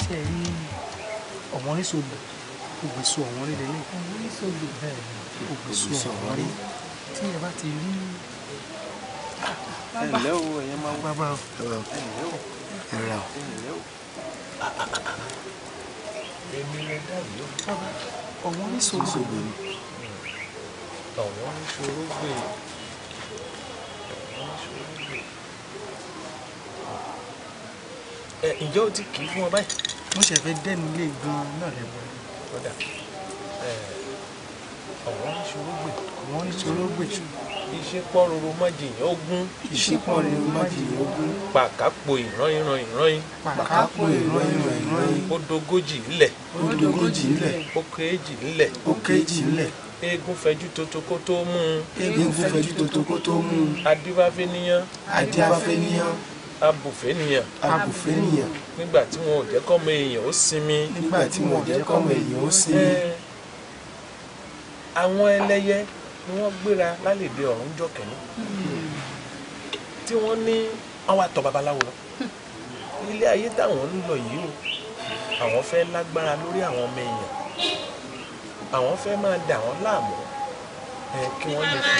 ṣe rí ọ̀wọ́n ní sọ̀gbọ̀ ògbèsò ọ̀wọ́n rí lélẹ̀ ọ̀wọ́n ní sọ̀gbọ̀ rí tí ẹ bá ti rí ẹ̀lẹ́ o ẹ̀yẹ máa ń gbá bá èmi lẹ dàbí o ọ̀wọ́n ní sọ̀gbọ̀ ni ọ̀wọ́n ní sọ̀rọ̀ gbé ọ̀wọ́n ní ẹ ǹjẹ́ o ti kì í fún ọ báyìí. mo ṣe fẹ́ dẹ́nu ilé gan-an náà lẹ́gbọ́. ọ̀dà ọ̀rọ̀ ìṣòro gbè. ọ̀rọ̀ ìṣòro gbè. ìṣepọ̀ roro májèyàn ogún. ìṣepọ̀ roro májèyàn ogún. pàkápò ìran ìran ìran yín. pàkápò ìran ìran ìran yín. ó dogójì ńlẹ̀. ó dogójì ńlẹ̀. ó kéèjì ńlẹ̀. ó toto kó tó mú un. eégún fẹjú toto kó tó mú un. adíwáfẹ́ níyàn. adíwáfẹ́ níyàn abùfẹ́ nìyẹn. abùfẹ́ nìyẹn. nígbà tí wọn ò jẹ́ kọ́mọ èèyàn ó sinmi. nígbà tí wọn ò jẹ́ kọ́mọ èèyàn ó sinmi. àwọn ẹlẹ́yẹ ni wọ́n gbéra lálẹ́dẹ̀ ọ̀run jọ kẹ́ni tí wọ́n ní àwọn àtọ̀ babaláwo lọ ilé ayé táwọn ń lọ yìí o àwọn fẹ́ lágbára lórí àwọn ọmọ èèyàn àwọn fẹ́ máa dà wọ́n láàmú kí wọ́n lè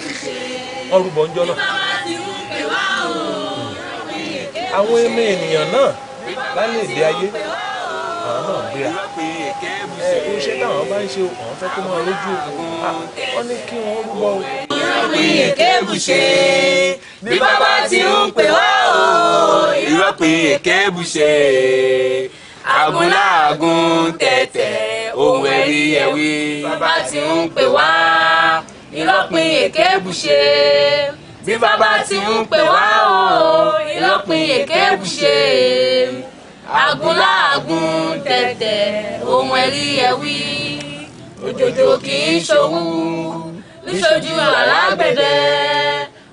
fi tí àwọn ẹmẹ ènìyàn náà lálẹ́ èdè ayé àwọn náà gbéra ẹ iṣẹ́ táwọn bá ń ṣe àwọn fẹ́ kó máa lójú òkun ah, wọ́n ní kí wọ́n rúbọ o. ìrọ̀pin èkéèbù ṣe bí bàbá ti ń pè wá o ìrọ̀pin èkéèbù ṣe agunláàgùn tẹ̀tẹ̀ ohun ẹ̀rí ẹ̀wí. bàbá tí ń pè wá ìlọ́pin èké bùṣe. bí bàbá tí ń pè wá o ìlọ́pin èké bùṣe. agunláàgùn tẹ̀tẹ̀ ohun ẹ̀rí ẹ̀wí. òjòjò kì í ṣòwú níṣojú alágbẹ̀dẹ.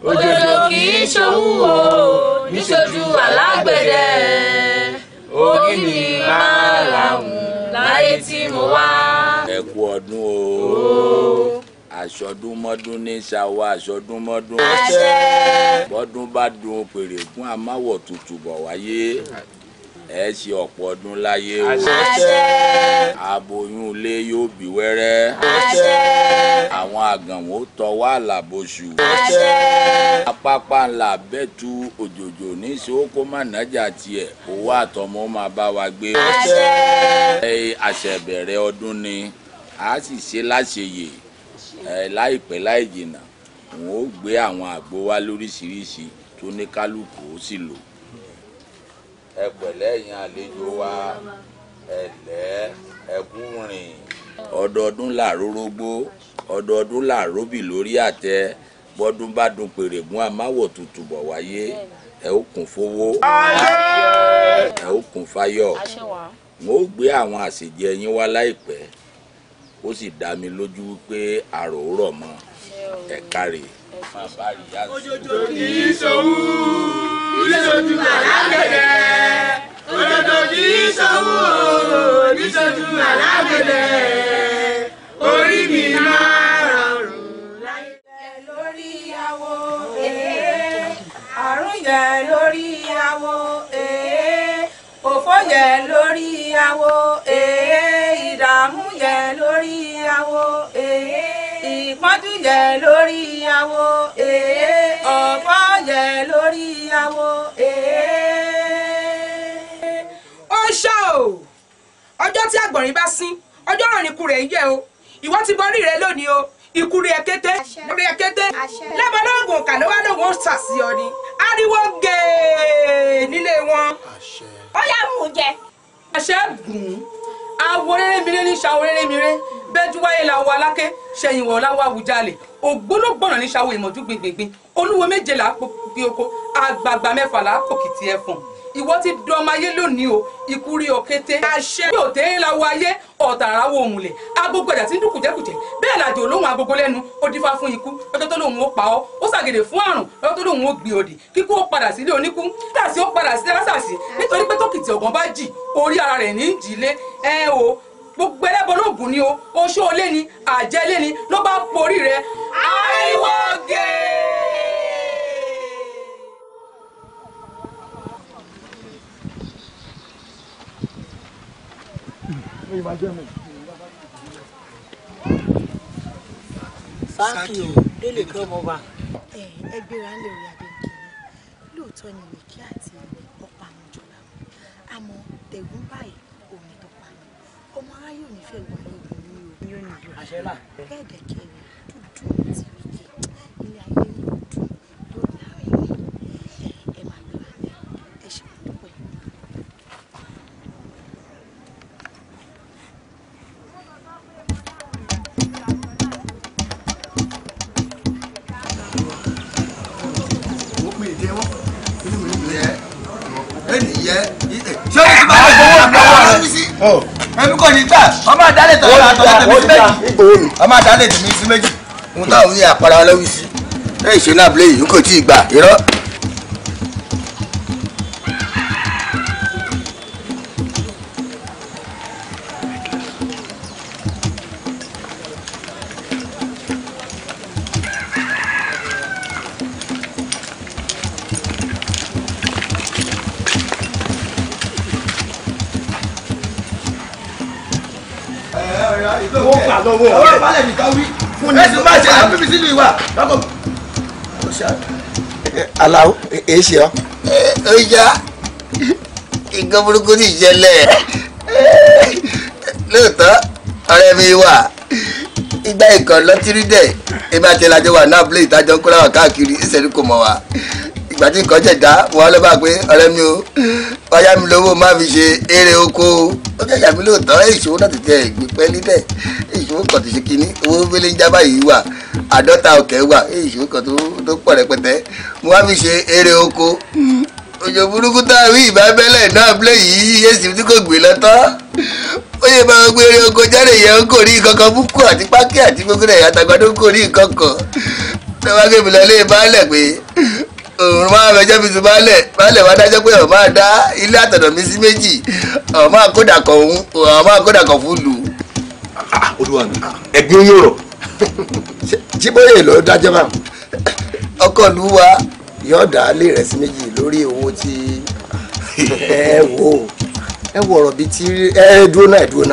òjòjò kì í ṣòwú níṣojú alágbẹ̀dẹ ògì ni máa là ń láyé tí mo wá. ẹ ọdún o àṣọdúnmọ́dún ní ṣàwọ́ àṣọdúnmọ́dún. àṣẹ. bọ́dún bá dun pèrè fún amáwọ̀ tutù bọ̀ wáyé ẹ ṣe ọ̀pọ̀ ọdún láyé o. àṣẹ. aboyún ilé yóò bí wẹ́rẹ́. àṣẹ. àwọn àgànwò tọwọ́ àlàbòṣù. àṣẹ. apápá ńlá bẹ́tù òjòjò ní sọ́kó mànájà tiẹ̀ owó àtọmọ́ máa bá wa gbé. àṣẹ. ẹ àṣẹ bẹ̀rẹ̀ ọdún ni a sì ṣe láṣeyè láìpẹ́ láì jìnnà wọn ó gbé àwọn àgbo wá lóríṣiríṣi tó ní kálukú ó sì lò ẹ pẹ̀lẹ́ ẹ̀yin àlejò wa ẹ̀lẹ́ ẹ̀kún rìn. ọdọọdún làárọ̀ rógbó ọdọọdún làárọ̀ bì lórí àtẹ bọ́dún bá dun pèrègùn amáwọ̀ tutù bọ̀ wáyé ẹ ó kún fowó ẹ ó kún fáyọ̀ n ó gbé àwọn àṣejẹ yín wá láìpẹ́ ó sì dá mi lójú wípé àrò rọ̀ mọ́ ẹ̀ka rè. ojoojúmọ́ kì í ṣòwò níṣojú alágbẹ̀dẹ òdòdó kì í sanwó níṣojú alágbẹ̀dẹ orí mi máa rọrùn láyé. lórí awo eh, àrùn jẹ lórí awo eh, òfò jẹ lórí awo eh, ìdààmú jẹ lórí awo ìpọ́njú jẹ lórí awo ọ̀pọ̀ lórí awo eh. ó ṣá o ọjọ́ tí àgbọ̀nrín bá sín ọjọ́ ọ̀rìnkù rẹ̀ ń yẹ o ìwọ ti borí rẹ lónìí o ìkúrí ẹkété lórí ẹkété lẹ́bàá lóògùn ọ̀kà ló wá lóògùn ọ̀sà sí ọ ni ariwo gèè nílé wọn ó yà mú jẹ. àṣẹ gùn awo rere mire ní ṣàwo rere mire bẹ́jú wáyé la wọ aláké àwùjalè ògbólógbòràn ní ṣàwo ìmọ̀jú gbìngbìngbìn olúwo méje là kí oko àgbààgbà mẹ́fà là kìtì ẹ̀fọ̀n ìwọ ti dọmọ ayé lónìí o ikú rí ọ kété. àṣẹ yóò tẹ́ láwọ ayé ọ̀tàrà wo òmùlẹ̀ agogo ẹ̀dá tí ń dún kùjẹ́kùjẹ́ bẹ́ẹ̀ làjò olóhùn agogo lẹ́nu ó dífá fún ikú lọ́jọ́ tó lóhùn ó pa ọ́ ó ṣàgèrè fún àrùn lọ́jọ́ tó lóhùn ó gbé òdì kíkú ó padà sílé oníkú tàṣí ó padà sílé lásàṣì nítorí pé tókìtì ọ̀gán bá jì orí ara rẹ̀ ní ìjìlé ẹ o gbogbo ẹlẹ́bọ lóògùn ni o oṣó olé ni àjẹ́ lé ni ló bá porí rẹ̀ àìwọ̀gẹ̀ẹ́. mi máa You mi. sáàkì o délé kí ọmọ bá. ẹ gbéra ń lè rí adéǹkì lóòótọ́ ni mèkí àti ọ̀pá àwọn ìjọba àmọ́ tẹ̀gún báyìí omi tó pa ni ọmọ aráyé ò ní fẹ́ wà lóògùn ní omi yóò nílò àṣẹ náà bẹ́ẹ̀ dẹ̀kẹ́ rẹ̀ dúdú ti rí ilé ayé ń dùn. yẹ ṣé o ti máa ń gbowó ìgbowó rẹ èmi kò ní gbà ọmọ àdálẹ̀ tó ta tọ́lá tèmi sí méjì ọmọ àdálẹ̀ tèmi sí méjì ohun táwọn ní àpárá lọ́wọ́ sí ẹ̀ ìṣẹ́ náà bílẹ̀ yìí kò tí ì gbà irọ́ ẹsùn máa ṣe àwọn bíbí sínú ìwà burúkú ti ṣẹlẹ̀ lóòótọ́ ọ̀rẹ́ mi wà ìgbà ìkàn lọ́tírí dẹ̀ ìgbà tí lajọ wà náà blé ìtajọ́ ń kóra wà káàkiri ìṣẹ́ni kò mọ̀ wá ìgbà tí nǹkan jẹ̀dá wọ́n lọ́ pé ọ̀rẹ́ mi o fàyà mi lówó má fi ṣe eré oko ó jàjà mi lóòótọ́ ìṣòwò náà tètè gbé pẹ́ẹ́lí dẹ̀ ìṣòwò kan ti ṣe kínní owó fẹ́lẹ́ ń jábá yìí wà àádọ́ta ọ̀kẹ́ wà ìṣòwò kan tó pọ̀ rẹpẹtẹ mo wá fi ṣe eré oko òjò burúkú tá a rí ìbá bẹ́lẹ̀ náà bílẹ̀ yìí yéèsì tí kò gbé lọ́tọ́ ó yẹ bá gbé eré oko jáde yẹn kò rí kankan búkú àti pákí àti gbogbo rẹ̀ àtàgbàdo kò rí kankan lọ́wọ́ gbé mi lọ lé baálẹ̀ pé òun máa rẹjọ́ fi tu baálẹ̀ baálẹ̀ wá dájọ́ pé ọ̀ máa dá ilé mi sí méjì ọ̀ máa kódà kọ̀ òun ọ̀ máa kódà fún ah, olúwa mi yóò rọ̀. dájọ́ bá ọkọ lu wa yóò dá ilé rẹ̀ sí méjì lórí owó tí ẹ wò ẹ wọ̀rọ̀ bíi ẹ dúró ẹ dúró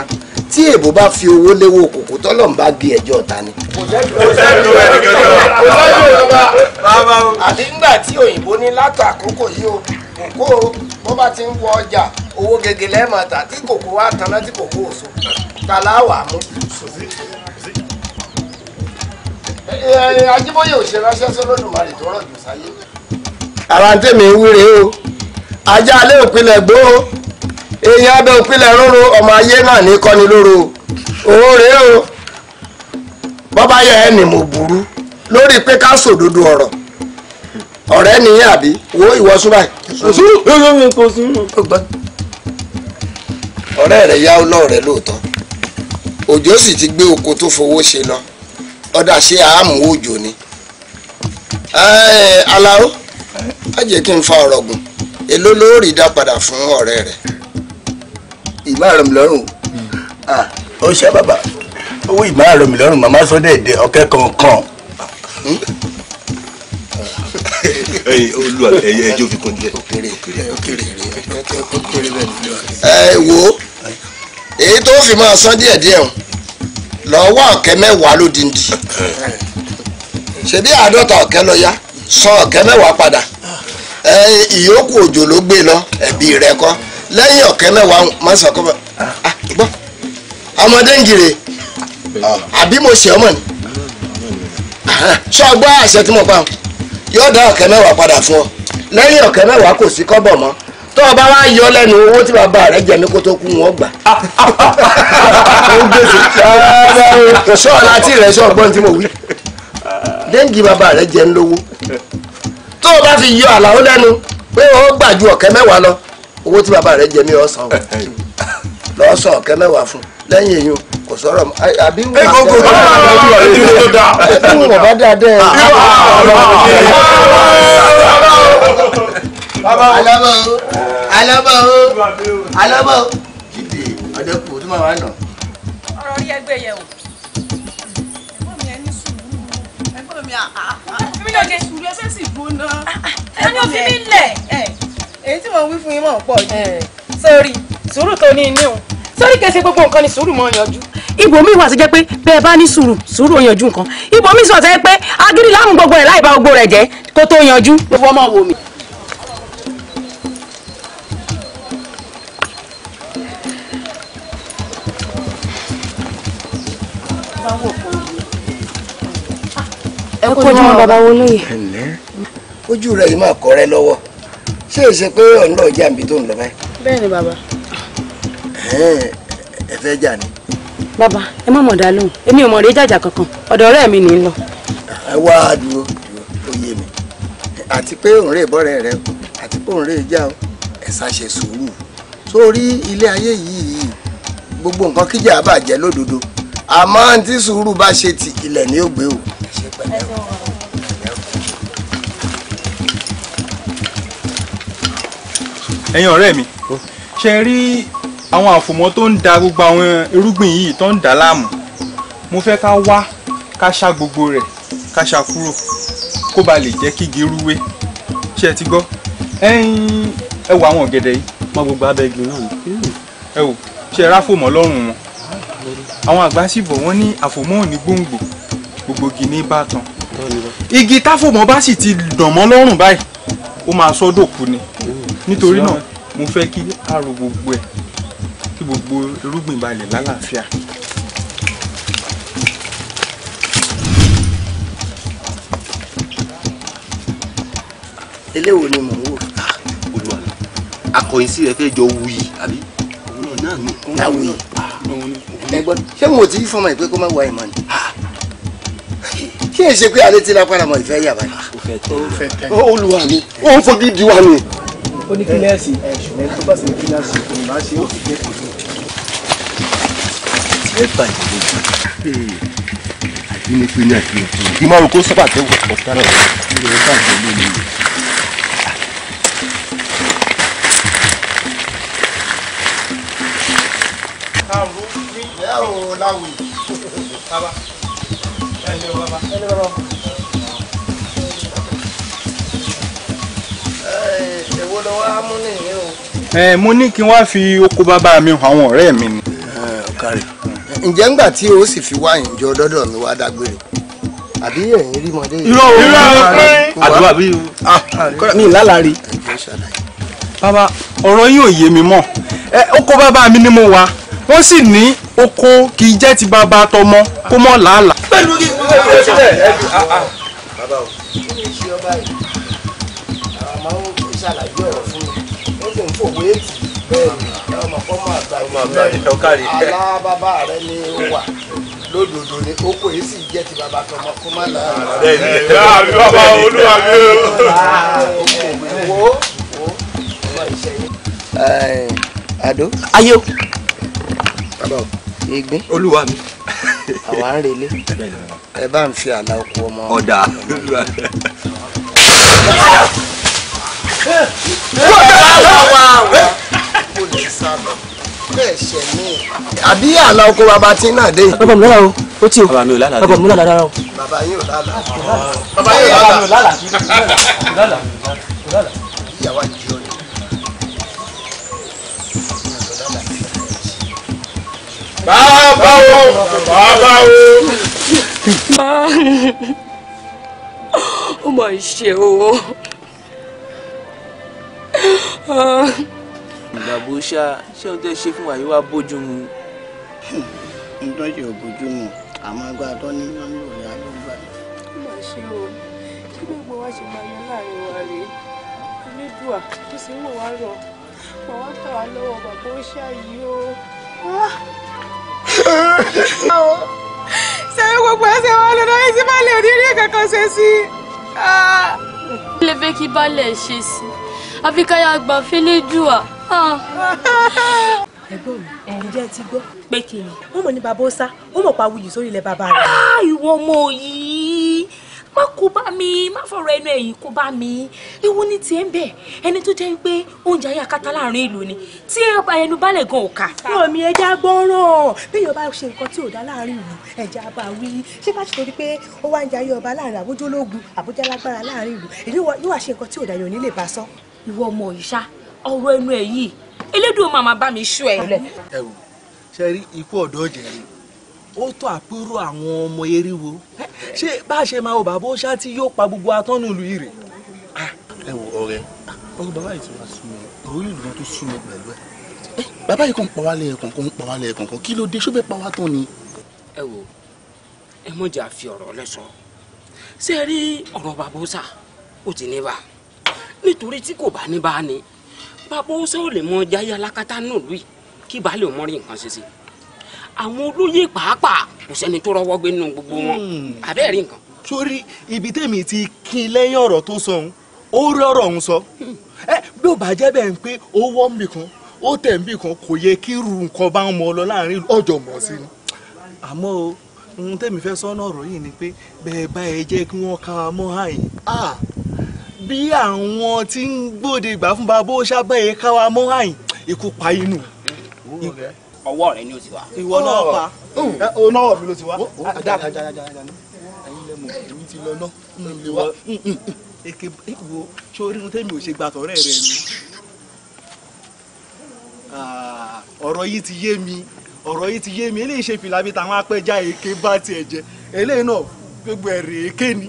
tí èbó bá fi owó léwó kòkó tọ́lọ̀ ń bá gbé ẹjọ́ ta ni. kò sẹ́jú ọba àti nígbà tí òyìnbó ní látà àkókò yìí o kòkó bó bá ti ń wọ ọjà owó gègé lẹ́ẹ̀mọ̀ tà tí kòkó wá taná tí kòkó òso tàláwà mú. Ajíbóyè ò ṣe ránṣẹ́ sólódùmarè tó rọ̀jù sáyé. àwọn tèmi ń wíre o ajá alẹ́ òpinlẹ̀ gbó o. èèyàn abẹ òpìlẹ̀ róró ọmọ ayé náà ní kọ́ni o òórè o bọ́bá yẹ ẹ nì mo burú lórí pé ká sòdodo ọ̀rọ̀ ọ̀rẹ́ nìyẹn àbí wo ìwọ sún báyìí. kò sí ọ̀rẹ́ rẹ̀ yá ọlọ́ọ̀rẹ́ òjò sì ti gbé oko tó fowó ṣe lọ ọ̀dà ṣe àámú òjò ni aláró má jẹ́ kí n fa gùn èló dá padà fún ọrẹ rẹ. ìmọ̀ àrọ̀ mi lọ́rùn ó ṣe bàbá owó ìmọ̀ àrọ̀ mi lọ́rùn màmá sọ dẹ̀dẹ̀ ọ̀kẹ́ kankan. Hmm? olúwa ẹyẹ ẹjọ́ fi kún díẹ̀. ẹ wo èyí tó fi máa san díẹ̀díẹ̀ o lọ́wọ́ ọ̀kẹ́ mẹ́wàá ló dindi ṣebí àádọ́ta ọ̀kẹ́ lọ yá san ọ̀kẹ́ mẹ́wàá padà ìyókù òjò ló gbé lọ ẹ̀bí rẹ kọ́ lẹ́yìn ọ̀kẹ́ mẹ́wàá máa sọ kọ́ bọ́ ah. ah, gbọ́ ọmọdé ń jèrè ah. àbí mo ṣe ọmọ ni ṣọ gbọ́ àṣẹ tí mo pa ọ́ yóò dá ọ̀kẹ́ mẹ́wàá padà fún ọ lẹ́yìn ọ̀kẹ́ mẹ́wàá kò sí kọ́bọ̀ mọ́ tó o bá wá yọ lẹ́nu owó tí bàbá rẹ jẹ mí kó tó kú wọn gbà. sọ́ọ̀lá tí rẹ̀ sọ́ọ̀gbọ́n tí mo wí dẹ́ǹgì bàbá rẹ jẹ ń lówó tó o bá fi yọ àlàó lẹ́nu pé o gbà ju ọ̀kẹ́ mẹ́wàá lọ owó tí bàbá rẹ jẹ mí ọsàn o eh, eh. lọ́sàn ọ̀kẹ́ mẹ́wàá fún lẹ́yìn èyí kò sọ̀rọ̀ àbí wọ́n bá dẹ́ ẹ wọ́n bá dẹ́ ẹ. alábọ̀ o alábọ̀ o alábọ̀ o jíde ọ̀dẹ́kùn tó máa wà nà. ọ̀rọ̀ rí ẹgbẹ́ yẹn o ẹ̀gbọ́n mi ẹni sùúrù ẹ̀gbọ́n mi àá mi náà jẹ sùúrù ẹsẹ̀ sì gbóná. Ah, ah, ah. ẹni òfin mi lẹ̀. Eh, èyí tí mo wí fún yín mọ̀ pọ̀ jù. Eh. sórí sùúrù tó ní inú sórí kẹsẹ gbogbo nǹkan ni sùúrù mọ yanjú. ibòmíì wà sí jẹ́ pé bẹ́ẹ̀ bá ní sùúrù sùúrù yanjú nǹkan ibòmíì sọ̀tọ̀ ẹ pé agídí láàmú gbogbo rẹ̀ láì bá gbogbo rẹ̀ jẹ́ kó tó yanjú. gbogbo ọmọ wò mí. ẹ kó jùmọ̀ bàbá wọlé yìí. ojú rẹ̀ yìí máa kọ́ rẹ lọ́wọ́ ṣé èsì pé ọ̀n lọ jà níbi tó ń lọ báyìí. bẹ́ẹ̀ ni bàbá. ẹ fẹ́ jà ni. bàbá ẹ má mọ̀ dá lóhùn èmi ò mọ̀ rí jàjà kankan ọ̀dọ̀ ọ̀rẹ́ mi ní í lọ. ẹ wá dúró dúró ó yé mi àti pé òun rè bọ́rẹ̀ rẹ o àti pé òun rè já o ẹ ṣàṣẹ sùúrù sórí ilé ayé yìí gbogbo nǹkan kíjà bàjẹ́ lódodo àmọ́ àǹtí sùúrù bá ṣe ti ilẹ̀ ní ògbé o. ẹ ṣe pẹ̀lẹ́ o. ẹ̀yin ọ̀rẹ́ mi ṣe rí àwọn àfòmọ́ tó ń da gbogbo àwọn irúgbìn yìí tó ń dà láàmú mo fẹ́ ká wá ká ṣá gbogbo rẹ̀ ká ṣá kúrò kó ba lè jẹ́ kí igi rúwé ṣe ti gbọ́ ẹ̀yin ẹ wo àwọn ọ̀gẹ̀dẹ̀ yìí. mọ gbogbo abẹ igi náà ni. ẹ wò ṣe ráfòmọ́ lọ́rùn wọn àwọn àgbà sì bọ̀ wọ́n ní àfòmọ́ ò ní gbòǹgbò gbogbo igi ní bátan igi táfòmọ́ bá sì ti dàn mọ́ báyìí ó máa sọ́dọ̀ kú ni. Mm nítorí náà mo fẹ́ kí àrò gbogbo ẹ̀ kí gbogbo irúgbìn balẹ̀ lálàáfíà. eléwo ni mò ń wò. Ah, olúwa akọyin sí rẹ fẹ́ jọ wuyì àbí. òun náà ni kò ń wuyì. ẹ ah, gbọ́dọ̀ ṣé mo ti fọmọ ẹ pé kó má wá ìmọ̀ ni. Ah. ṣé èsì pé alẹ́ ti lápára mọ̀ ìfẹ́ yàrá. ó fẹ́ tẹ́ olúwa mi ó ń fojú di wa ni ó ní kílẹ̀sì. ẹ ṣùgbọ́n tó bá sì ní kílẹ̀sì kò ní máa ṣe ó fi jẹ́ kòtò. mẹ́fà ìdílé hmm. àti ní pínlẹ̀ àti ìpínlẹ̀ kí máa roko sábà tó wọ̀ ọ́ sára rẹ̀ kí lè ẹ lé bàbá èwo lọ wá mú nìyẹn o. ẹ mo ní kí n wá fi oko bàbá mi hàn àwọn ọ̀rẹ́ mi ni. ọ̀kàrẹ̀ ǹjẹ́ ńgbà tí o sì fi wá ìjọ dọ́dọ̀ mi wá dágbére àbí ẹ̀yin rí mọ́dé yìí. irọ́ irọ́ àdúrà bí o. mi lálàrí. bàbá ọ̀rọ̀ yín ò yé mi mọ́ oko bàbá mi ni mo wà wọ́n sì ní oko kì í jẹ́ ti bàbá tọmọ kó mọ́ làálàá. pẹ̀lú kí n bẹ̀rẹ̀ sílẹ̀ ẹ̀ bàbá o kí ni ìṣe ọba yìí àwọn ṣàlàyé ọ̀rọ̀ fún mi ó sì ń fòwé ètì bẹ́ẹ̀ ni ọmọ ọmọ àgbà yìí alábàbà rẹ ni ó wà lódodo ni oko yìí sì jẹ́ ti bàbá tọmọ kó má la. bẹ́ẹ̀ni ah, bẹ́ẹ̀ni bàbá olúwa mi o. Ah, wo wo ọmọ iṣẹ́ yìí. àdó. Eh, ayé o. bàbá o. ìgbín. olúwa mi. àwa ń relé. ẹ bá ń fi àlà oko ọmọ. ọ̀dà àbí àlà oko bàbá tí náà dé. bàbá mi lára o ó tí o bàbá mi ò lálàá bàbá mi ò lálàá bàbá yín lálàá bàbá yín lálàá ò lálàá lálàá. ìyàwó àjẹ ọ̀rẹ́. bàbá o bàbá o. ó mà ṣe o ìgbàgbọ́ ṣá ṣé ohun tẹ́ ṣe fún wa yìí wá bójú mu. n tó ṣe ò bójú mu àmọ́ ẹgbẹ́ atọ́ ní máa ń lò rí alóńgbà. ó mà ṣe o ṣé gbogbo wa ṣe máa yan láàrin wa rèé onídùà tó sì ń wò wá rọ mà wá tà wá lọ́wọ́ bàbá ó ṣáàyí o. Ah! sẹ́yìn gbogbo ẹsẹ̀ wa lọ́dọ̀ yìí sí balẹ̀ òní rí kankan ṣe sí i. Ah! kí fẹ́ kí balẹ̀ ṣe sí i àfikàyà àgbà fílẹ̀ jù wá. ẹ̀gbọ́n mi ǹjẹ́ ẹ ti gbọ́. pé kí ni. wọ́n mọ̀ ní bàbá ó sá ó mọ̀ pa awuyì sórí ilẹ̀ bàbá rẹ̀. Ah, ìwọ ọmọ yìí má kó bá mi má fọ̀rọ̀ ẹnu ẹ̀yìn kó bá mi ewu ní tiẹ̀ ń bẹ̀ ẹni tó jẹ́ pé oúnjẹ ayé akátá láàrin ìlú ni tí ẹ bá ẹnu balẹ̀ gan òkà. yóò mi ẹja gbọ́ràn bíyọ̀ bá ṣe nǹkan tí ò dá láàrin ìlú ẹja bá wí ṣé bá ti torí pé ó wá ń jayé ọba láàrin àbójúlógún àbójálágbára láàrin ìlú èyí yóò wá ṣe nǹkan tí ò dá yóò nílé bá sọ ìwọ ọmọ yìí ṣá ọ̀rọ̀ ẹnu ẹ yìí elédùn màmá bá mi ṣú ẹ. ẹ wò ṣe rí ikú ọ̀dọ́ jẹ̀rẹ̀ ó tó àpérò àwọn ọmọ eriwo ṣé bá a ṣe máa wò bàbá ó ṣá tí yóò pa gbogbo atọ́nù ìlú yìí rẹ̀. Ah, ẹ wò ọ̀rẹ́ ọ̀rẹ́ bàbá yìí ti wá sún mi orí ìlú tó sún mi pẹ̀lú ẹ. Eh, bàbá yìí kàn ń pa wá lẹ́yìn kọ̀ọ̀kan ń pa wá lẹ́yìn kọ̀ọ̀kan kí ló dé ṣọ́bẹ̀ pa wá tán ni. ẹ wò ẹ mọ̀jà fi ọ̀rọ̀ lẹ́sọ̀ọ́ ṣé ẹ rí ọ̀rọ̀ bàbá ó ó ti ní bá nítorí tí kò bá ní bá ní bàbá ó sẹ́wọ̀n lè mọ jáyà lákàtà náà lùi kí bá lè mọ rí nǹkan ṣe sí àwọn olóyè pàápàá kò sẹ́ni tó rọwọ́ gbé nínú gbogbo wọn àbẹ́ẹ̀ hmm. rí nǹkan. sórí ibi tèmi ti kín lẹ́yìn ọ̀rọ̀ tó sọ ó rọrọ̀ ń sọ hmm. ẹ bí ó bá jẹ́ bẹ́ẹ̀ ń pé ó wọ́ mi kan ó tẹ̀ mí kan kò yẹ kí irú nǹkan bá ń mọ lọ láàrin ọjọ́ mọ̀ sí ni àmọ́ o ohun tèmi fẹ́ sọ́nà ọ̀rọ̀ yìí ni pé bẹ́ẹ̀ bá ẹ jẹ́ kí wọ́n ká a mọ́ àyè ah! bí àwọn tí ń gbòde ìgbà fún babó sábẹ́ yẹn káwa mọ́ àyìn ikú pa inú. ọwọ́ rẹ ni o ti wá. ìwọ náà pa. o náà mi ló ti wá. dáadáa dáadáa ẹyin lẹ́mọ̀ èmi ti lọ náà mi lè wá. èké wo sórí mo tẹ́mi ò ṣe gbàtọ̀ rẹ̀ rẹ̀ ah, ọ̀rọ̀ yìí ti yé mi ọ̀rọ̀ yìí ti yé mi eléyìí ṣe fìlà bíi tàwọn apẹja èké bá tiẹ̀ jẹ eléyìí náà gbogbo ẹ̀rẹ̀ èké ni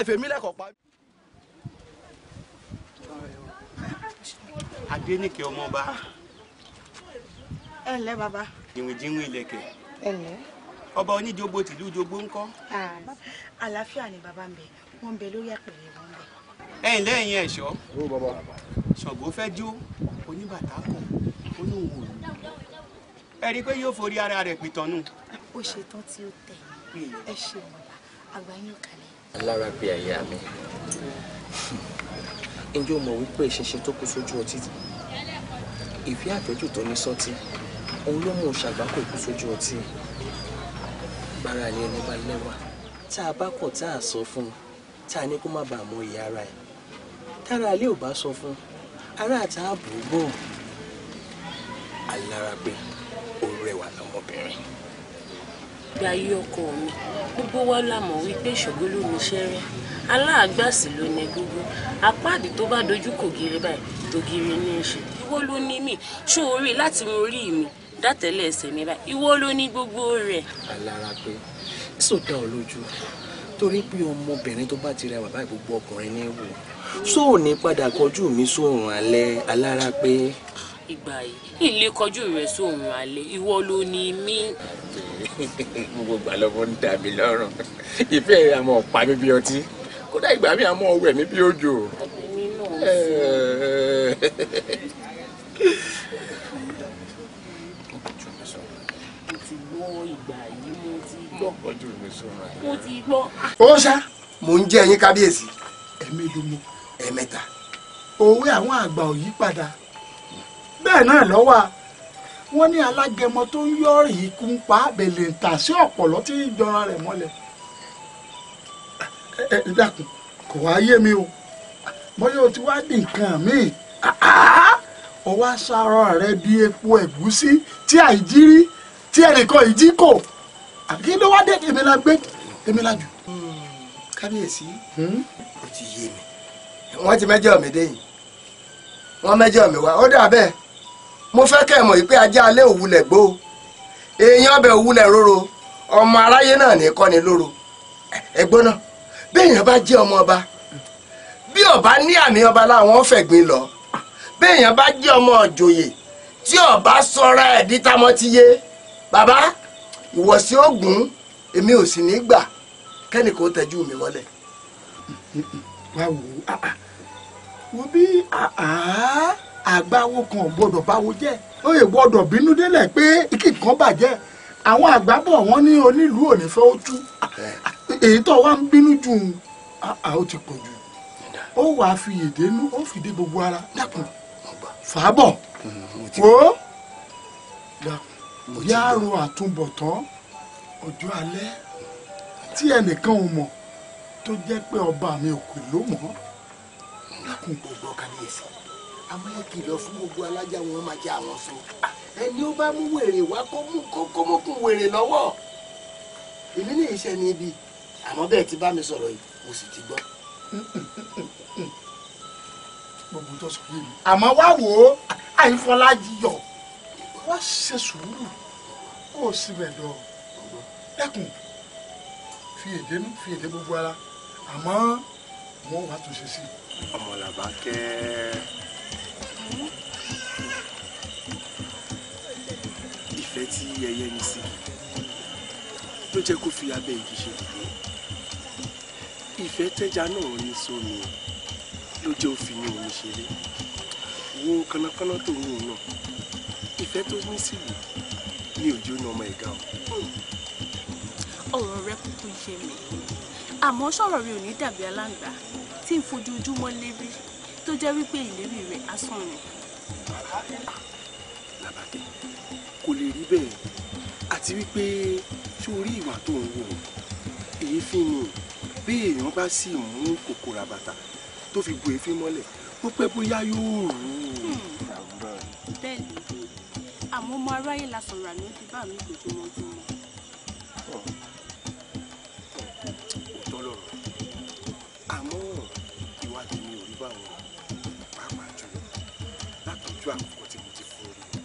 ẹ̀fẹ̀ mi lẹ́kọ̀ọ́ pa. Adéníkẹ́ ọmọọba. Ah. Ẹ baba. bàbá. Jìnwìjìnwì ilẹ̀kẹ̀. Ẹ ǹlẹ́. Ọba oníjogbo tìlú jogbo ńkọ́. Ah. Àlàáfíà ni bàbá ń bẹ, wọ́n ń bẹ lórí àpèrè wọn bẹ. Ẹ ǹlẹ́ ẹ̀yin ẹ̀ṣọ́. Ṣọ̀gbọ́n fẹ́ jó oníbàtà kọ̀ olóhùn òru. Ẹ rí i pé yóò forí ara rẹ̀ pìtọ́nù. Ó ṣetán tí ó tẹ̀. Ẹ ṣe bàbá, àgbà yín kalẹ̀. Alára bíi àyà mi ǹjẹ́ o mọ̀ wípé ìṣẹ̀ṣẹ̀ tó kú sójú ọtí ìfẹ́ àfẹ́jù tó ní sọ́tí òun ló mú ṣàgbákò kú sójú ọtí bára lé ẹni bá lẹ́wà tá a bá kọ̀ tá a sọ fún un tá a ní kó má bàa mọ ìyá ara ẹ̀ tára alẹ́ ò bá sọ fún ara àti ààbò bò alára ó rẹwà lọmọbìnrin ìgbé ayé ọkọ mi gbogbo wa la mọ̀ wípé ṣògo ló ní ṣẹ́rẹ́ aláàgbàsì ló ní gbogbo apáàdì tó bá dojú kò gírí báyìí tògìrì ní í ìwọ ló ní mí ṣó orí láti mú orí mi dátẹ́lẹ̀ ẹsẹ̀ mi báyìí ìwọ ló ní gbogbo rẹ̀. alára pé sódà ọ lójú torí pé ọmọbìnrin tó bá ti rẹwà báyìí gbogbo ọkùnrin ní wò sóò ní padà kọjú mi sóòrùn alẹ́ alára pé ìgbà yìí ilé kọjú rẹ̀ sóòrùn alẹ́ ìwọ ló ní mí. gbogbo ìgbà lọ́wọ́ ń dà mí lọ́rùn ìfẹ́ àmọ́ ọ̀pá mi bí ọtí kódà ìgbà mi àmọ́ ọwọ́ ẹ̀mí bí òjò. ó ṣá mò ń jẹ́ ẹ̀yin kábíyèsí ẹ̀mí ẹ̀mẹ́ta òwe àwọn àgbà ò yí padà bẹ́ẹ̀ náà lọ́wọ́ wọn ní alágẹmọ tó ń yọ ikú ń pa abẹ́lẹ̀ ń tà sí ọ̀pọ̀lọ́ tí ń jọra rẹ̀ mọ́lẹ̀ ẹ ẹ dákun kò wá yé mi o mọ́lẹ́ o ti wá di nǹkan míì ọwọ́ aṣáró rẹ bí epo ẹ̀gúsí tí àìjírí tí ẹnìkan ìjí kò àbí ló wá dé èmi la gbé èmi la jù. kábíyèsí hmm? ó ti yé mi wọ́n ti mẹ́jọ mi dé yìí wọ́n mẹ́jọ mi wá ó dà bẹ́ẹ̀ mo fẹ́ kẹ́ ẹ̀ mọ̀ pé ajá alẹ́ òwúlẹ̀ gbó èèyàn ọbẹ̀ òwúlẹ̀ róró ọmọ aráyé náà ní kọ́ni lóru ẹ̀gbọ́n náà béèyàn bá jẹ́ ọmọ ọba bí ọba ní àmì ọba làwọn fẹ̀gbin lọ béèyàn bá jẹ́ ọmọ ọ̀jòyè tí ọba sọra ẹ̀ tamọ́ ti yé bàbá ìwọ̀sí ogun èmi ò sì ní gbà kẹ́nì kò tẹ́jú mi wọlé. wá bí àgbáwo kan ò gbọdọ̀ báwo jẹ́ ó yẹ gbọdọ̀ bínú délẹ̀ pé kíkan bàjẹ́ àwọn àgbábọ̀ wọn ní onílùú òní fẹ́ ó tú èyí tó wá ń bínú jù ó ti pọ̀ jù ó wàá fi èdènú ó fìdí gbogbo ara dákun fàábọ̀ wò ó yáa ro àtúbọ̀tán ọjọ́ alẹ́ tí ẹnìkan ò mọ̀ tó jẹ́ pé ọba mi ò pè ló mọ̀ dákun gbogbo kábíyèsí máa kìlọ̀ fún gbogbo alájà wọn máa jẹ àwọn so ẹni ó bá mú wèrè wá kó mú kó mọ́kùn wèrè lọ́wọ́ èmi ní iṣẹ́ ní àmọ́ bẹ́ẹ̀ ti bá mi sọ̀rọ̀ yìí mo sì ti gbọ́. gbogbo tó sọ yìí àmọ́ wá wò ó àyínfọlá yíyọ wá ṣe sùúrù kó o sì bẹ̀ dọ̀ ẹkùn fi èdè nù fi èdè gbogbo ara àmọ́ wọn wàá tún ṣe sí i. ọmọlàbà ìfẹ́ tí ẹyẹ ní sí ló jẹ́ kó fi abẹ́ igi ṣe dúró ìfẹ́ tẹ́já náà ní sómi ló jẹ́ òfin ní omi ṣeré wo kánákáná tó ń wò náà ìfẹ́ tó ní sílùú ní òjò náà ọmọ ẹ̀gá o. ọ̀rọ̀ rẹ kúkú yé mi àmọ́ sọ̀rọ̀ mi ò ní dàbí aláǹgbá tí ń fojoojúmọ́ lérí tó jẹ́ wípé ìlérí rẹ̀ asán rẹ̀. làbàdé kò lè rí bẹ́ẹ̀ àti wípé tí o rí ìwà tó ń wò èéfín ni bí èèyàn bá sì mú kòkòrò àbàtà tó fi bu èéfín mọ́lẹ̀ ó pẹ́ bóyá yóò rú. Hmm. bẹ́ẹ̀ ni àmọ́ ọmọ aráyé la sọ̀rọ̀ àná ti bá mi kò tó mọ́jú mọ́. ju àkókò tí mo ti fún orí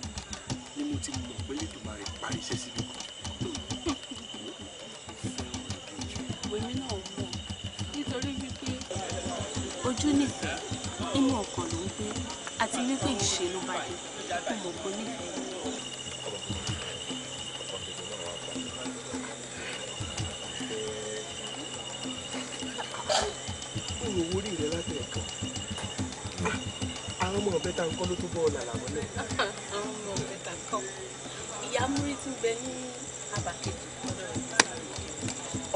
ni mo ti mọ̀ pé lẹ́dùnmá rẹ̀ parí iṣẹ́ síbi kan. wèmi náà mọ̀ nítorí wípé ojú nìfẹ́ inú ọkàn ló ń gbé àti wípé ìṣe ló bá dé mo mọ̀ pé nífẹ̀ẹ́ ló tó bọ́ ọ̀là làmọ́lẹ̀. àwọn ọmọ bẹ̀tà kan ìyá múrí tún bẹ ní abàkejì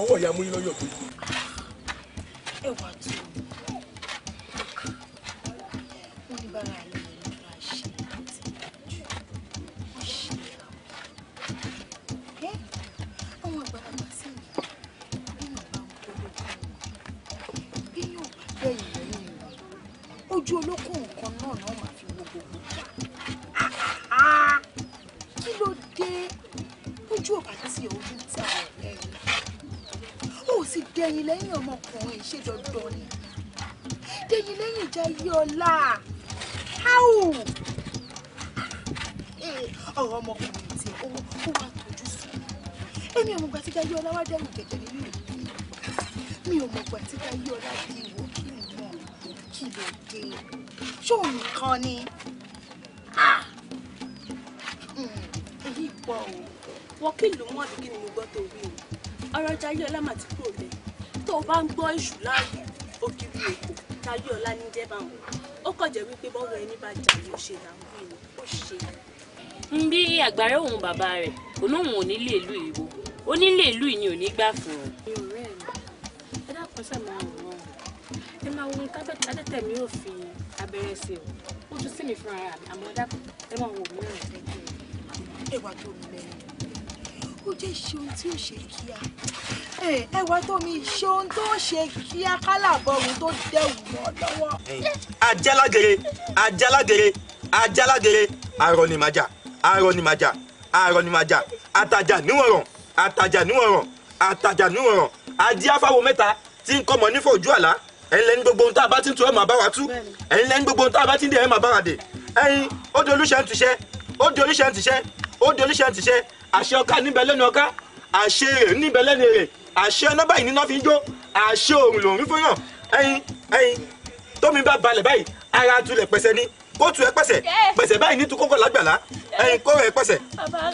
ọwọ́ ìyá múrí lọ́yọ̀ tó yìí. láǹṣù láàyè òkìrì èkó táyé ọlá ní dẹ́bàmù ó kàn wípé bọ́ọ̀rọ̀ ẹni bá jà ló ṣe làwọn èèyàn ó ṣe. ń bí àgbàrá òun bàbá rẹ̀ kò lóun ò ní lè lu ìwo onílé ìlú yìí ni ò ní gbà fún un. mi ò rẹ́ mi ẹ dákun sẹ́ máa wọ̀ ẹ máa wo adẹ́tẹ̀ mi ò fi abẹ́rẹ́ sí o ó tún sí mi fúnra mi àmọ́ ẹ dákun ẹ máa wọ̀ mí rẹ̀. ẹwà ó jẹ́ ṣe ohun tí ó ṣe kíá ẹ wá tó ṣe ohun tó ṣe kíá kálàbọ̀rù tó dẹ̀wù mọ́ lọ́wọ́. ajálágere ajálágere ajálágere arọ ni màjà arọ ni màjà arọ ni màjà ajé afáwo mẹ́ta tí ń kọ́ mọ̀ nífọ̀ ojú àlá ẹ̀yin gbogbo ohun tá a bá ti ń tu máa bá wa tú ẹ̀yin gbogbo ohun tá a bá ti ń dè máa bá wa dè ẹ̀yin ó di olúṣẹ́ ń tuṣẹ́ ó di olúṣẹ́ ń tuṣẹ́ ó di olúṣẹ́ ń tuṣẹ́ àṣẹ ọká níbẹ̀ lẹ́nu ọká àṣẹ èrè níbẹ̀ lẹ́nu èrè àṣẹ ọ̀nà báyìí níná fi ń jó àṣẹ òrùn lòún rí fúnyàn ẹyin ẹyin tómi bá balẹ̀ báyìí ara tulẹ̀ pẹ̀sẹ̀ ni kó tu ẹ pẹ̀sẹ̀ pẹ̀sẹ̀ báyìí ní tukókò lágbàlá ẹyin kó rẹ pẹ̀sẹ̀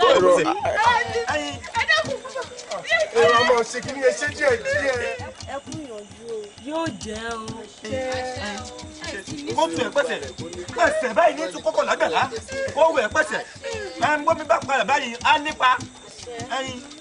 kó rẹ pẹ̀sẹ̀. ẹ̀rọ ọmọ ṣèkínní ẹ ṣe díẹ̀ díẹ̀. ẹ kú ìyànjú o yóò jẹ́ o kó tu ẹ pẹsẹ pẹsẹ báyìí ní tún kọkọ lágbàlá kó wẹ pẹsẹ ẹ ń gbọ́ mi bá padà báyìí á nípa ẹyin.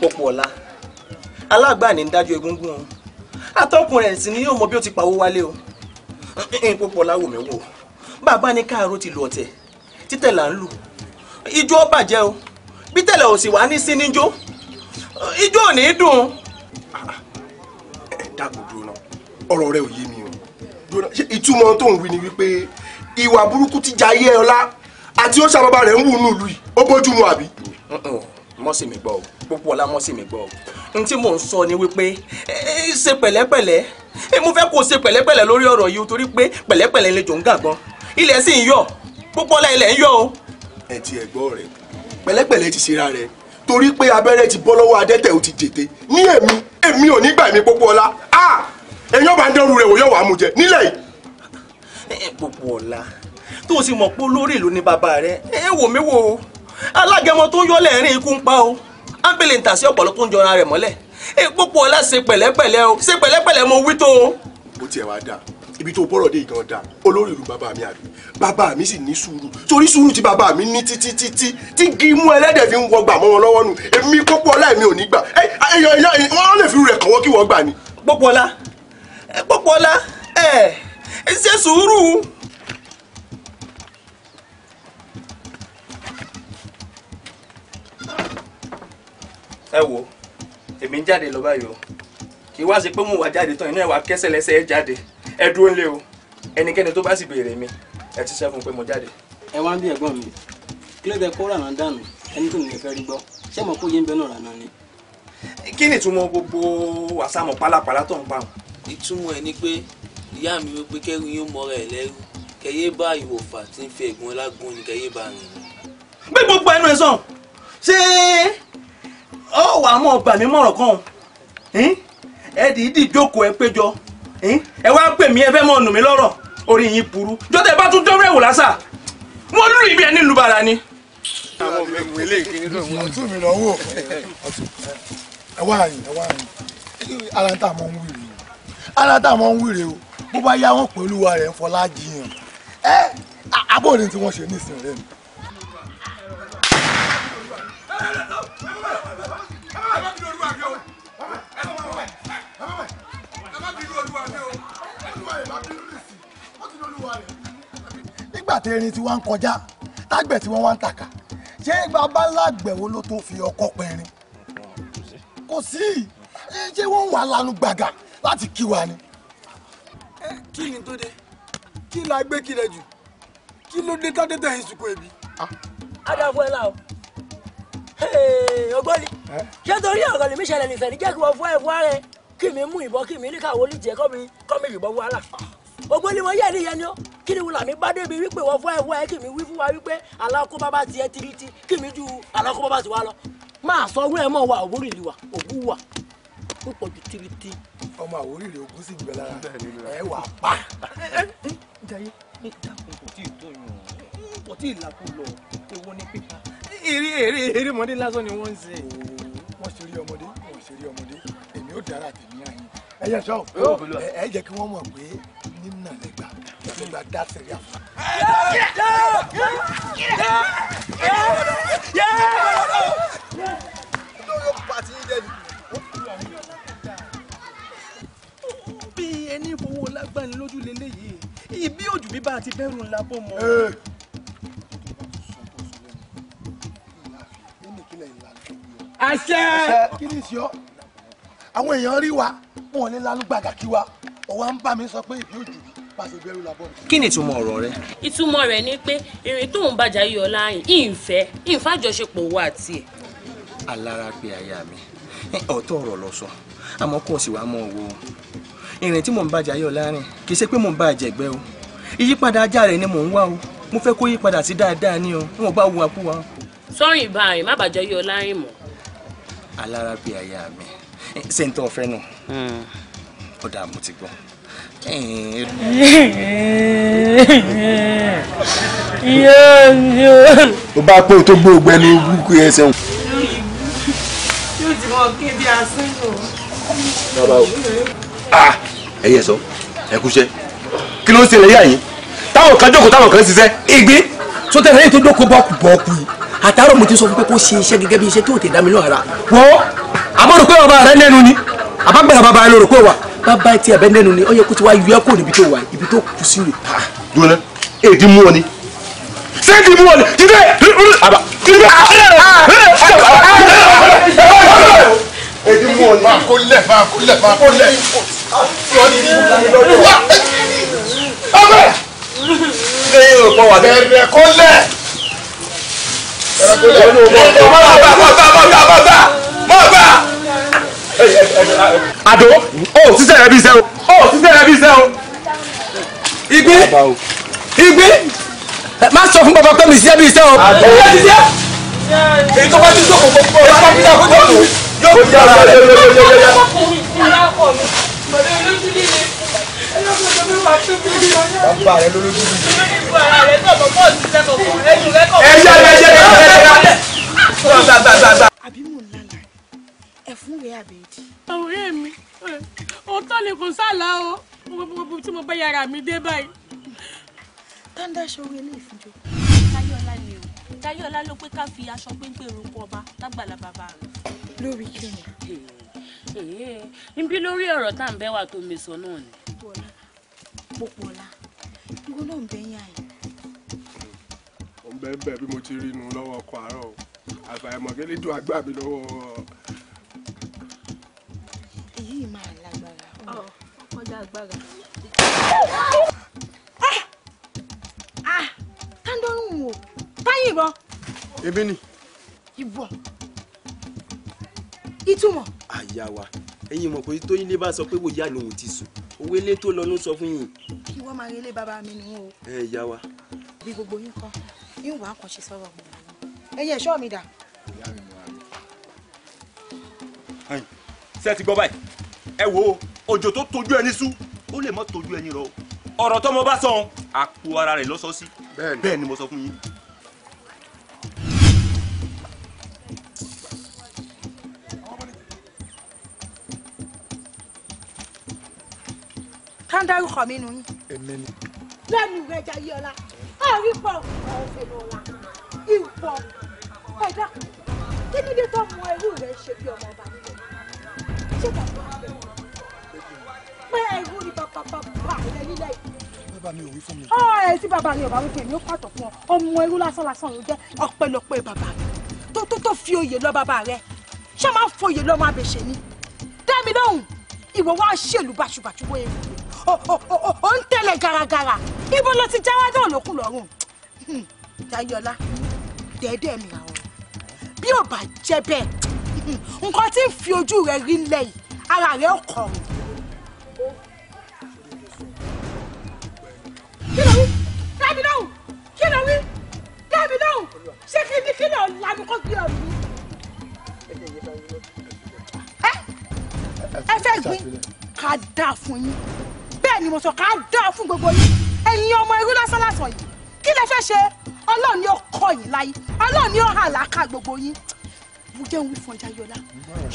pọpọla alágbà ní dájú egungun o ni yóò mọ bí ó ti pawó wálé o wò mí wò bàbá ní káàró ti lu ọ̀tẹ̀ títẹ̀ là ń lù ijó o bí tẹ̀lẹ̀ ò sì wá ní sí níjó ijó ò ní dùn. dáàbò dúró náà ìtumọ̀ tó ń wí ni wípé ìwà burúkú ti jayé ọlá àti ó sábàbà rẹ̀ ń wù nù lù yìí ó bójú mu àbí. mọ́sí mi gbọ́ o púpọ̀ ọlá mọ́sí mi gbọ́ o n tí mò ń sọ ni wípé ṣe pẹ̀lẹ́pẹ̀lẹ́ mo fẹ́ kó ṣe pẹ̀lẹ́pẹ̀lẹ́ lórí ọ̀rọ̀ yìí torí pé pẹ̀lẹ́pẹ̀lẹ́ lejò ń gàgbọ́n ilẹ̀ sì ń yọ púpọ̀ ọlá ilẹ̀ ń yọ o. ẹ ti ẹ rẹ pẹ̀lẹ́pẹ̀lẹ́ ti ṣera rẹ torí pé abẹ́rẹ́ ti bọ́ lọ́wọ́ adẹ́tẹ̀ ò ti dètè ní èmi èmi ò ní gbà mí púpọ̀ ọlá ah èyàn bá ń dẹrù rẹ̀ wò yóò wà á mú jẹ nílẹ̀ yìí. ẹ gbogbo ọ̀la tó o sì mọ̀ pé olórí ìlú ni bàbá rẹ ẹ wò mí wò o alágẹmọ tó ń yọ lẹ́rìn ikú ń pa o ámbẹ̀lẹ̀ ń tà sí ọ̀pọ̀lọ́ tó ń jọra rẹ̀ mọ́lẹ̀ ẹ gbogbo ọ̀la ṣe pẹ̀lẹ́pẹ̀lẹ́ o ṣe pẹ̀lẹ́pẹ̀lẹ́ mo wí tó o. ó tiẹ̀ wá dáa ibi tó bọ́rọ̀ dé ìgan dáa olórí ìlú bàbá mi àbí bàbá mi sì ní sùúrù torí sùúrù tí bàbá mi ní títí títí tí kì í mú ẹlẹ́dẹ̀ fi ń wọgbà mọ́ wọn lọ́wọ́ nù èmi Pópóọlá èmi ò ní gbà ẹ ẹyọ ẹyọ wọn lè fi rẹ̀ kọ́wọ́ kí wọ́n gbà ni. Pópóọlá ẹ Pópóọlá ẹ ẹ ṣe sùúrù. ẹ wo èmi ń jáde lọ báyìí o kì í wá sí pé mò ń wá jáde tán inú ẹ̀ wá kẹ́sẹ̀ lẹ́sẹ̀ ẹ jáde ẹ dúró ńlẹ̀ o ẹnikẹ́ni tó bá sì béèrè mi ẹ ti sẹ́fún pé mo jáde. ẹ wá ń bí ẹ̀gbọ́n mi kí ló dé kó rànà dànù ẹni tó nìyẹn fẹ́ rí gbọ́ ṣé mo kó yé ń bẹ náà rànà ni. kí ni ìtumọ̀ gbogbo wàsámọ̀ pálapàla tó ń pa wọn ìtumọ̀ ẹ̀ ni pé ìyá mi wípé kẹ́rù yín mọ́ra ẹ̀ lẹ́rú kẹ́yé bá ìwòfà tí ń fi ẹ̀gbọ́n lágún ni kẹ́yé bá rìn. bí gbogbo ẹnu ẹ sàn ṣé ọ wà á mọ ọgbà mi mọ̀rọ̀ kan ẹ dìídì jókòó ẹ péjọ ẹ wá pè mí ẹ fẹ́ mọ ọ̀nà mi lọ́rọ̀ orí yín burú jọ́tẹ̀ bá tún dọ́rọ̀ ẹ̀wò lásà wọ́n lù ìbí ẹni lù bàrà ni. àwọn ọmọ ìwé lè kí nínú ìwé. ọtún mi lọ wò ẹ wá àyìn ẹ wá àyìn ara ń tà mọ ń wí ara táwọn ń wíre o bó bá yá wọn pẹ̀lú wa rẹ̀ ń fọlá jiyàn ẹ abóore tí wọ́n ṣe nísìnyí rẹ̀ ni. nígbà tí erin tí wọ́n ń kọjá tágbẹ̀ tí wọ́n wá ń tàkà ṣé bàbá lágbẹ̀wò ló tó fi ọkọ pẹ̀rin kò sí ṣé wọ́n wà lánú gbàgà láti kí wa ni. ẹ kí ni tó dé kí la gbé kílẹ̀ jù kí ló dé tádé tẹ̀yìn sùkú ẹbí. Ah. adàfọ ẹ la o ọgbọ́n ni ṣé torí ọ̀rọ̀ lèmi ṣẹlẹ̀ nìfẹ̀ ní jẹ́ kí wọ́n fọ́ ẹ̀ fọ́ rẹ̀ kí mi mú ìbọn kí mi ní káwọ́ olíjẹ kọ́ mi kọ́ mi fìbọn wàhálà ah. ogbó ni mo yẹ ní yẹn ni ó kí ni wùlà mi bá débi wípé wọ́n fọ́ ẹ̀wọ́ ẹ̀ kí mi wí fún wa wípé aláko bàbá tiẹ̀ tiriti kí mi ju aláko bàbá tiwa lọ máa sọ wúrẹ́ mọ́ wa òwúrò ìlú wa òwú wa ó pọ̀ ju tiriti ọmọ àwórí rẹ̀ ogún sì gbẹ lára ẹ wà pa. jayé ní dákun kò tí ì tó yùn kò tí ì làkú lọ ewo ní pípa eré eré eré ọmọdé lásán ni wọ́n ń ṣe. wọ́n ṣe rí ọmọdé wọ́n ṣe rí ọmọdé èmi ò dára tèmi àyìn ẹ yẹ sọ ẹ jẹ́ kí wọ́n mọ̀ pé nínà lẹ́gbà lẹ́gbà dá sẹ̀rí àfọ. lórí ó pàtí yín dẹ́nu. ẹni fowó lágbàáni lójú lélẹ́yìí iyì bí òjò bíbá àti bẹ́rù ńlá bọ̀ mọ́. àṣẹ. kí ni ìṣó àwọn èèyàn rí wa wọn ò ní lálùgbàgà kí wa ọwọ́ à ń bá mi sọ pé ìbí òjò bí kí ni ìtumọ̀ ọ̀rọ̀ rẹ. ìtumọ̀ rẹ̀ ni pé ìrìn tó ń bàjá yọ láàyè ìfẹ́ ìfàjọṣepọ̀ wo àti ẹ̀. alára pe àyà mi ọ̀tọ̀ ọ̀rọ̀ lọ sọ àmọ́ kò sí wàá mọ̀ wo ìrìn tí mò ń bàjẹ́ ayọ̀ láàrin kì í ṣe pé mò ń bá àjẹgbẹ́ o ìyípadà ajá rẹ̀ ni mò ń wá o mo fẹ́ kó yípadà sí dáadáa ní o ní mo bá wu àkúwa. sọ́run ìbá rẹ̀ má bàjẹ́ ayọ̀ láàrin mọ́. alára bíi àyà mi ṣé n tọ́ ọ fẹ́ nù hmm. ó dáa mo ti gbọ́. o bá pé o tó gbóògbé ní kúkú ẹ sẹ́wọ̀n. yóò ti mọ asínú. Ah, ẹyẹ sọ ẹ kúṣẹ́ kí ló ń ṣẹlẹ̀ yá yín táwọn kan jókòó táwọn kan ṣiṣẹ́ ìgbín. tó tẹ̀lé yìí tó dóko bọ́ọ̀kù bọ́ọ̀kù yìí àtàrọ̀ mo ti sọ fún pé kó ṣe iṣẹ́ gẹ́gẹ́ bí iṣẹ́ tí ò tẹ̀ dámi lọ́ra. wọ́ àmọ́ rò pé bàbá rẹ nẹ́nu ni àbágbára bàbá rẹ ló rò pé wà bàbá ẹ ti ẹ̀bẹ̀ nẹ́nu ni ó yẹ kó ti wá yọ ẹ́ kó níbi tó wà ibi tó kù sí rè. dùnà èdè mú ọ ni sẹ́ẹ̀dì mú ọ ni jíjẹ́ èdè mú ọ ni wá ọbẹ̀ lẹ́yìn òpó wà lẹ́yìn. bẹ̀rẹ̀ kó lẹ̀. Àdó, ó sísẹ́ rẹ̀ bí iṣẹ́ o, ó sísẹ́ rẹ̀ bí iṣẹ́ o. Igbe, igbe, má sọ fún bàbá pé mi ṣiṣẹ́ bí iṣẹ́ o. Àdó, èyí tó bá ti sọ̀kò fún ọ, ọ̀pá mi náà kó jẹ́ òkú. Yóò fi yára rẹ̀ ọba rẹ ló lójú mi. ẹyẹ ẹyẹ ẹyẹ ẹyẹ. àbí mò ń lálà ẹfun rẹ àbèdì. mo bá yàrá mi dé báyìí. tanda ṣòro ilé ìfijó. ni o táyọ̀lá ló pé ká fi aṣọ péńpé roko ọba lágbàlá bàbá rẹ̀. lórí kí ni. nbí lórí ọ̀rọ̀ tá à ń bẹ́ tó mi sọ náà ni. Pópọ̀lá ìwọ náà ń bẹ yín àyè. mo ń bẹ bẹ bí mo ti rí inú lọ́wọ́ ọkọ àárọ̀ o àfàìmọ̀ kí lẹ́dùn àgbà mi lọ́wọ́. èyí máa lágbára. ọ kọjá agbára. kándọ́rùn ah! ah! ebi ni. ìwọ ìtumọ̀. àyà wa ẹ̀yin mọ̀ pé tóyìnlé bá sọ pé wòye àlòhùn ti sùn owó ilé tó lọ ló sọ fún yín. kí wọ́n máa relé bàbá mi nìyẹn o. ẹ ìyá wa. bí gbogbo yín kan yín wàá kàn ṣe sọ̀rọ̀ mi. ẹyin ẹ̀ṣọ́ mi dà. ṣé ẹ ti gbọ́ báyìí ẹ wo òjò tó tójú ẹni sú ó lè mọ́ tójú ẹni rọ ọ̀rọ̀ tọ́mọ bá sọ àpò ara rẹ̀ lọ́sọ̀ọ́sí bẹ́ẹ̀ ni mo sọ fún yín. tá ń dárúkọ mi nù yín. èmi ni. lẹ́nu rẹ̀ jayé ọlá àárín pọ̀ ọ̀fẹ́lẹ̀ ọ̀la ìpọ̀ ẹ̀dá kí níbi tó mọ ẹrú rẹ̀ ṣe bí ọmọ ọba nílẹ̀ ṣé bàbá rẹ̀ pé ẹrú ni bàbá bàbá rẹ̀ nílẹ̀ yìí. bàbá mi ò wí fún mi. ọ ẹ tí bàbá mi ò bá wí fún mi ó pàtó fún ọ ọmọ ẹrú lásán lásán ló jẹ ọpẹ́lọpẹ́ bàbá rẹ̀ tó tó tó fi oyè lọ bàbá rẹ̀ ṣé máa ń foyè lọ máa bẹ̀ṣẹ̀ ni dá mi lóhùn ìwọ wá ṣèlú bàṣubàṣu wọ èrò ó ń tẹ̀lé gàràgàrà ibo ló ti jáwá náà lókun lọ́rùn hmm, jayọlá dẹ́ẹ́dẹ́ mi àwọn bí ò bá jẹ́ bẹ́ẹ̀ hmm, nǹkan tí ń fi ojú rẹ rí lẹ́yìn ara rẹ ò kọ̀ ọ́. kí ló wí dábì lóhùn kí ló wí dábì lóhùn ṣé kí ni kí ló lanu kó gbé ọ̀rùn. ẹ ẹ fẹ́ gbin ká dáa fún yín bẹ́ẹ̀ ni mo sọ ká dán fún gbogbo yín ẹ̀yin ọmọ irú lásán lásán yìí kí lẹ fẹ́ ṣe ọlọ́run ó kọ́ yín láyé ọlọ́run ó hàn láká gbogbo yín mo jẹ́ òun fún Jayọ̀lá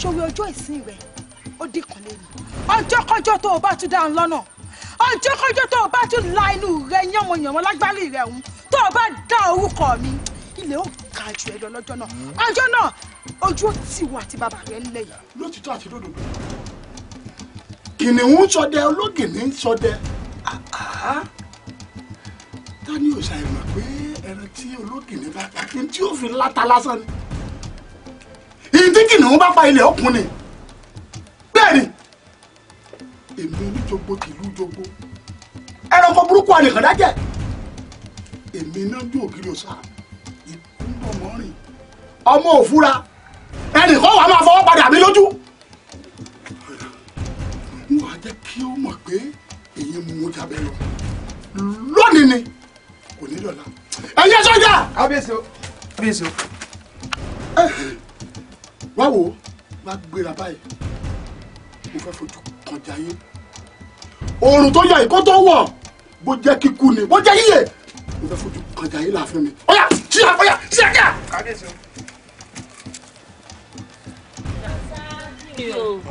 ṣòwò ọjọ́ ìsìn rẹ̀ ó dín kan lẹ́yìn ọjọ́ kọjọ́ tó o bá tún dáhùn lọ́nà ọjọ́ kọjọ́ tó o bá tún la inú rẹ yánmọ̀yánmọ́ lágbálẹ̀ rẹ̀ òun tó o bá dá orúkọ mi ilé ó ga jù ẹ lọ lọ́jọ́ náà ọjọ́ náà ojú ó àti bàbá rẹ̀ ńlẹ̀ yìí. lótìtọ́ àti lódodo kìnìún sọdẹ ológìní sọdẹ ah, ah. ta ni òòṣà ẹ̀ mọ̀ pé ẹran tí ológìní bá pa kí n tí ó fi láta lásán ni ìyí tí kìnìún bá pa ilẹ̀ ọ̀kùn ni bẹ́ẹ̀ ni èmi oníjogbo tìlú jogbo ẹranko burúkú ànìkàndájẹ èmi náà ju ògiri òòṣà ikú ń bọ̀ mọ́rin ọmọ òfúra ẹnì kan wà máa fọwọ́ padà mí lójú n wàá jẹ́ kí ó mọ̀ pé èyí mú wọn jábẹ́ lọ lónìí ni kò ní dọ̀la ẹ̀yẹ sọ́jà. kábíyèsí o kábíyèsí o. wá wo wá gbéra báyìí mo fẹ́ fojú kan jayé oòrùn tó yà ìkó tó wọ̀ bó jẹ́ kíkú ni bó jẹ́ yíyẹ mo fẹ́ fojú kan jayé láàfin mi ọ̀yà sí àfọyà sí àjà.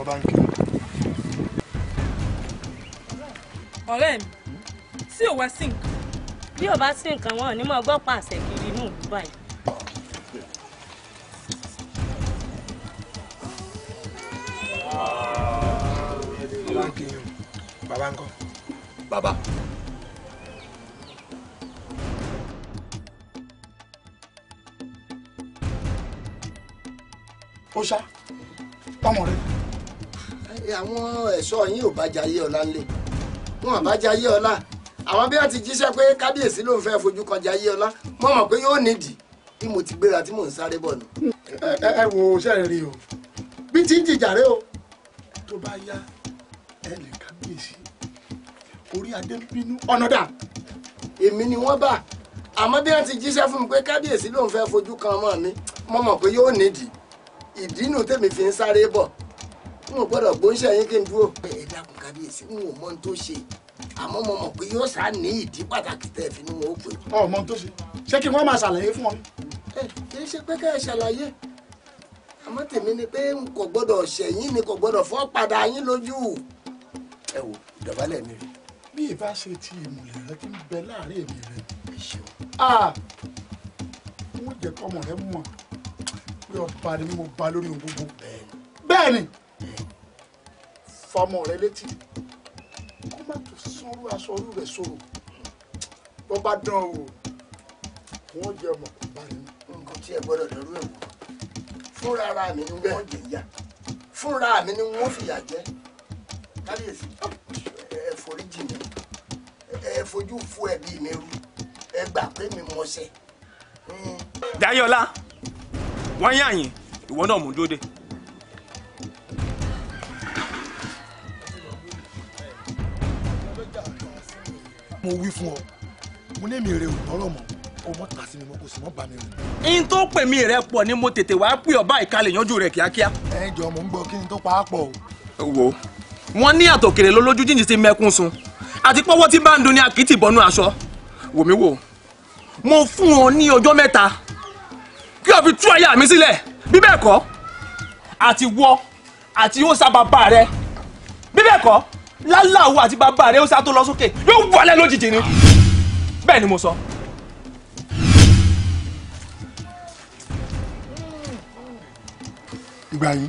ọba ń kí ọ̀rẹ́ mi tí ò wá sí nǹkan. bí ò bá sí nǹkan wọn ò ní mọ ọgbọ́n pàṣẹ kiri inú ìlú báyìí. baba ńkọ́. baba. ó ṣá ọmọ rẹ. àwọn ẹ̀ṣọ́ yín ò bá jayé ọ̀la ńlẹ̀ wọn bá jayé ọlá àwọn bí wọn ti jíṣẹ́ pé kábíyèsí ló ń fẹ́ fojú kan jayé ọlá mo mọ̀ pé yóò nídìí bí mo ti gbéra tí mò ń sáré bọ̀ nù. ẹ ẹ wo sẹ́rẹ̀ rí o bí tí ń jìjà rẹ o tó bá yá ẹ lè kábíyèsí orí adé ń bínú ọ̀nà dà. èmi ni wọ́n bá àmọ́ bí wọ́n ti jíṣẹ́ fún mi pé kábíyèsí ló ń fẹ́ fojú kan ọmọ mi mo mọ̀ pé yóò nídìí ìdí nù tèmi fi ń sáré bọ̀ n ò gbọ́dọ̀ gbóúnṣẹ́ yín kí n dúró kábíyèsí n ò mọ ohun tó ṣe àmọ́ mo mọ̀ pé yóò ṣáà ní ìdí pàtàkì tẹ̀ fi ní wọn ó pè. ọ mọ ohun tó ṣe ṣé kí wọ́n máa ṣàlàyé fún wọn. ẹ kì í ṣe pé ká ẹ ṣàlàyé àmọ́ tèmi ni pé n kò gbọ́dọ̀ ṣẹ̀yìn ni kò gbọ́dọ̀ fọ́ padà yín lójú. ẹ wo ìdọ̀bálẹ̀ mi rè. bí ìbá ṣe ti ìmùlẹ̀ rẹ ti ń bẹ láàrin èmi rẹ ẹ ṣeun. wọ́n jẹ́ kọ́mọ rẹ fa ọmọ rẹ létí kó má tó sanwó aṣọ orí rẹ sòrò bó bá dán o wọn jẹ ọmọ kò bá rẹ nǹkan tí ẹ gbọ́dọ̀ lọrú ẹ wò fúnra ara mi ni wọn jẹ ìyá fúnra mi ni wọn fìyà jẹ kábíyèsí ẹ forí jì mí ẹ fojú fo ẹbí mi rú ẹ gbà pé mi mọṣẹ. Dayọ̀lá wọ́n yàn yín ìwọ náà mú dúró de. mo wí fún ọ mo ní èmi rè ò tọrọ mọ kò mọ tà sí mi mọ kò sì mọ bà mí rè. n tó pè mí rẹ pọ̀ ni mo tètè wá pè ọ báyìí ká lè yanjú rẹ kíákíá. ẹ jọ mò ń gbọ́ kí n tó pa á pọ̀ o. wo wọn ní àtòkèrè lólójú jíjìn ti mẹkún sun àti pọwọ tí bá ń dun ni àkìtì bọnú aṣọ wò mí wò mo fún ọ ní ọjọ́ mẹ́ta kí o fi tú aya mi sílẹ̀ bí bẹ́ẹ̀ kọ́ àti wọ àti ó sábà bá rẹ bí bẹ́ẹ̀ kọ́ láláwo àti bàbá rẹ ó sá tó lọ sókè yóò wọlé lójijì ni bẹ́ẹ̀ ni mo sọ. ìgbà yìí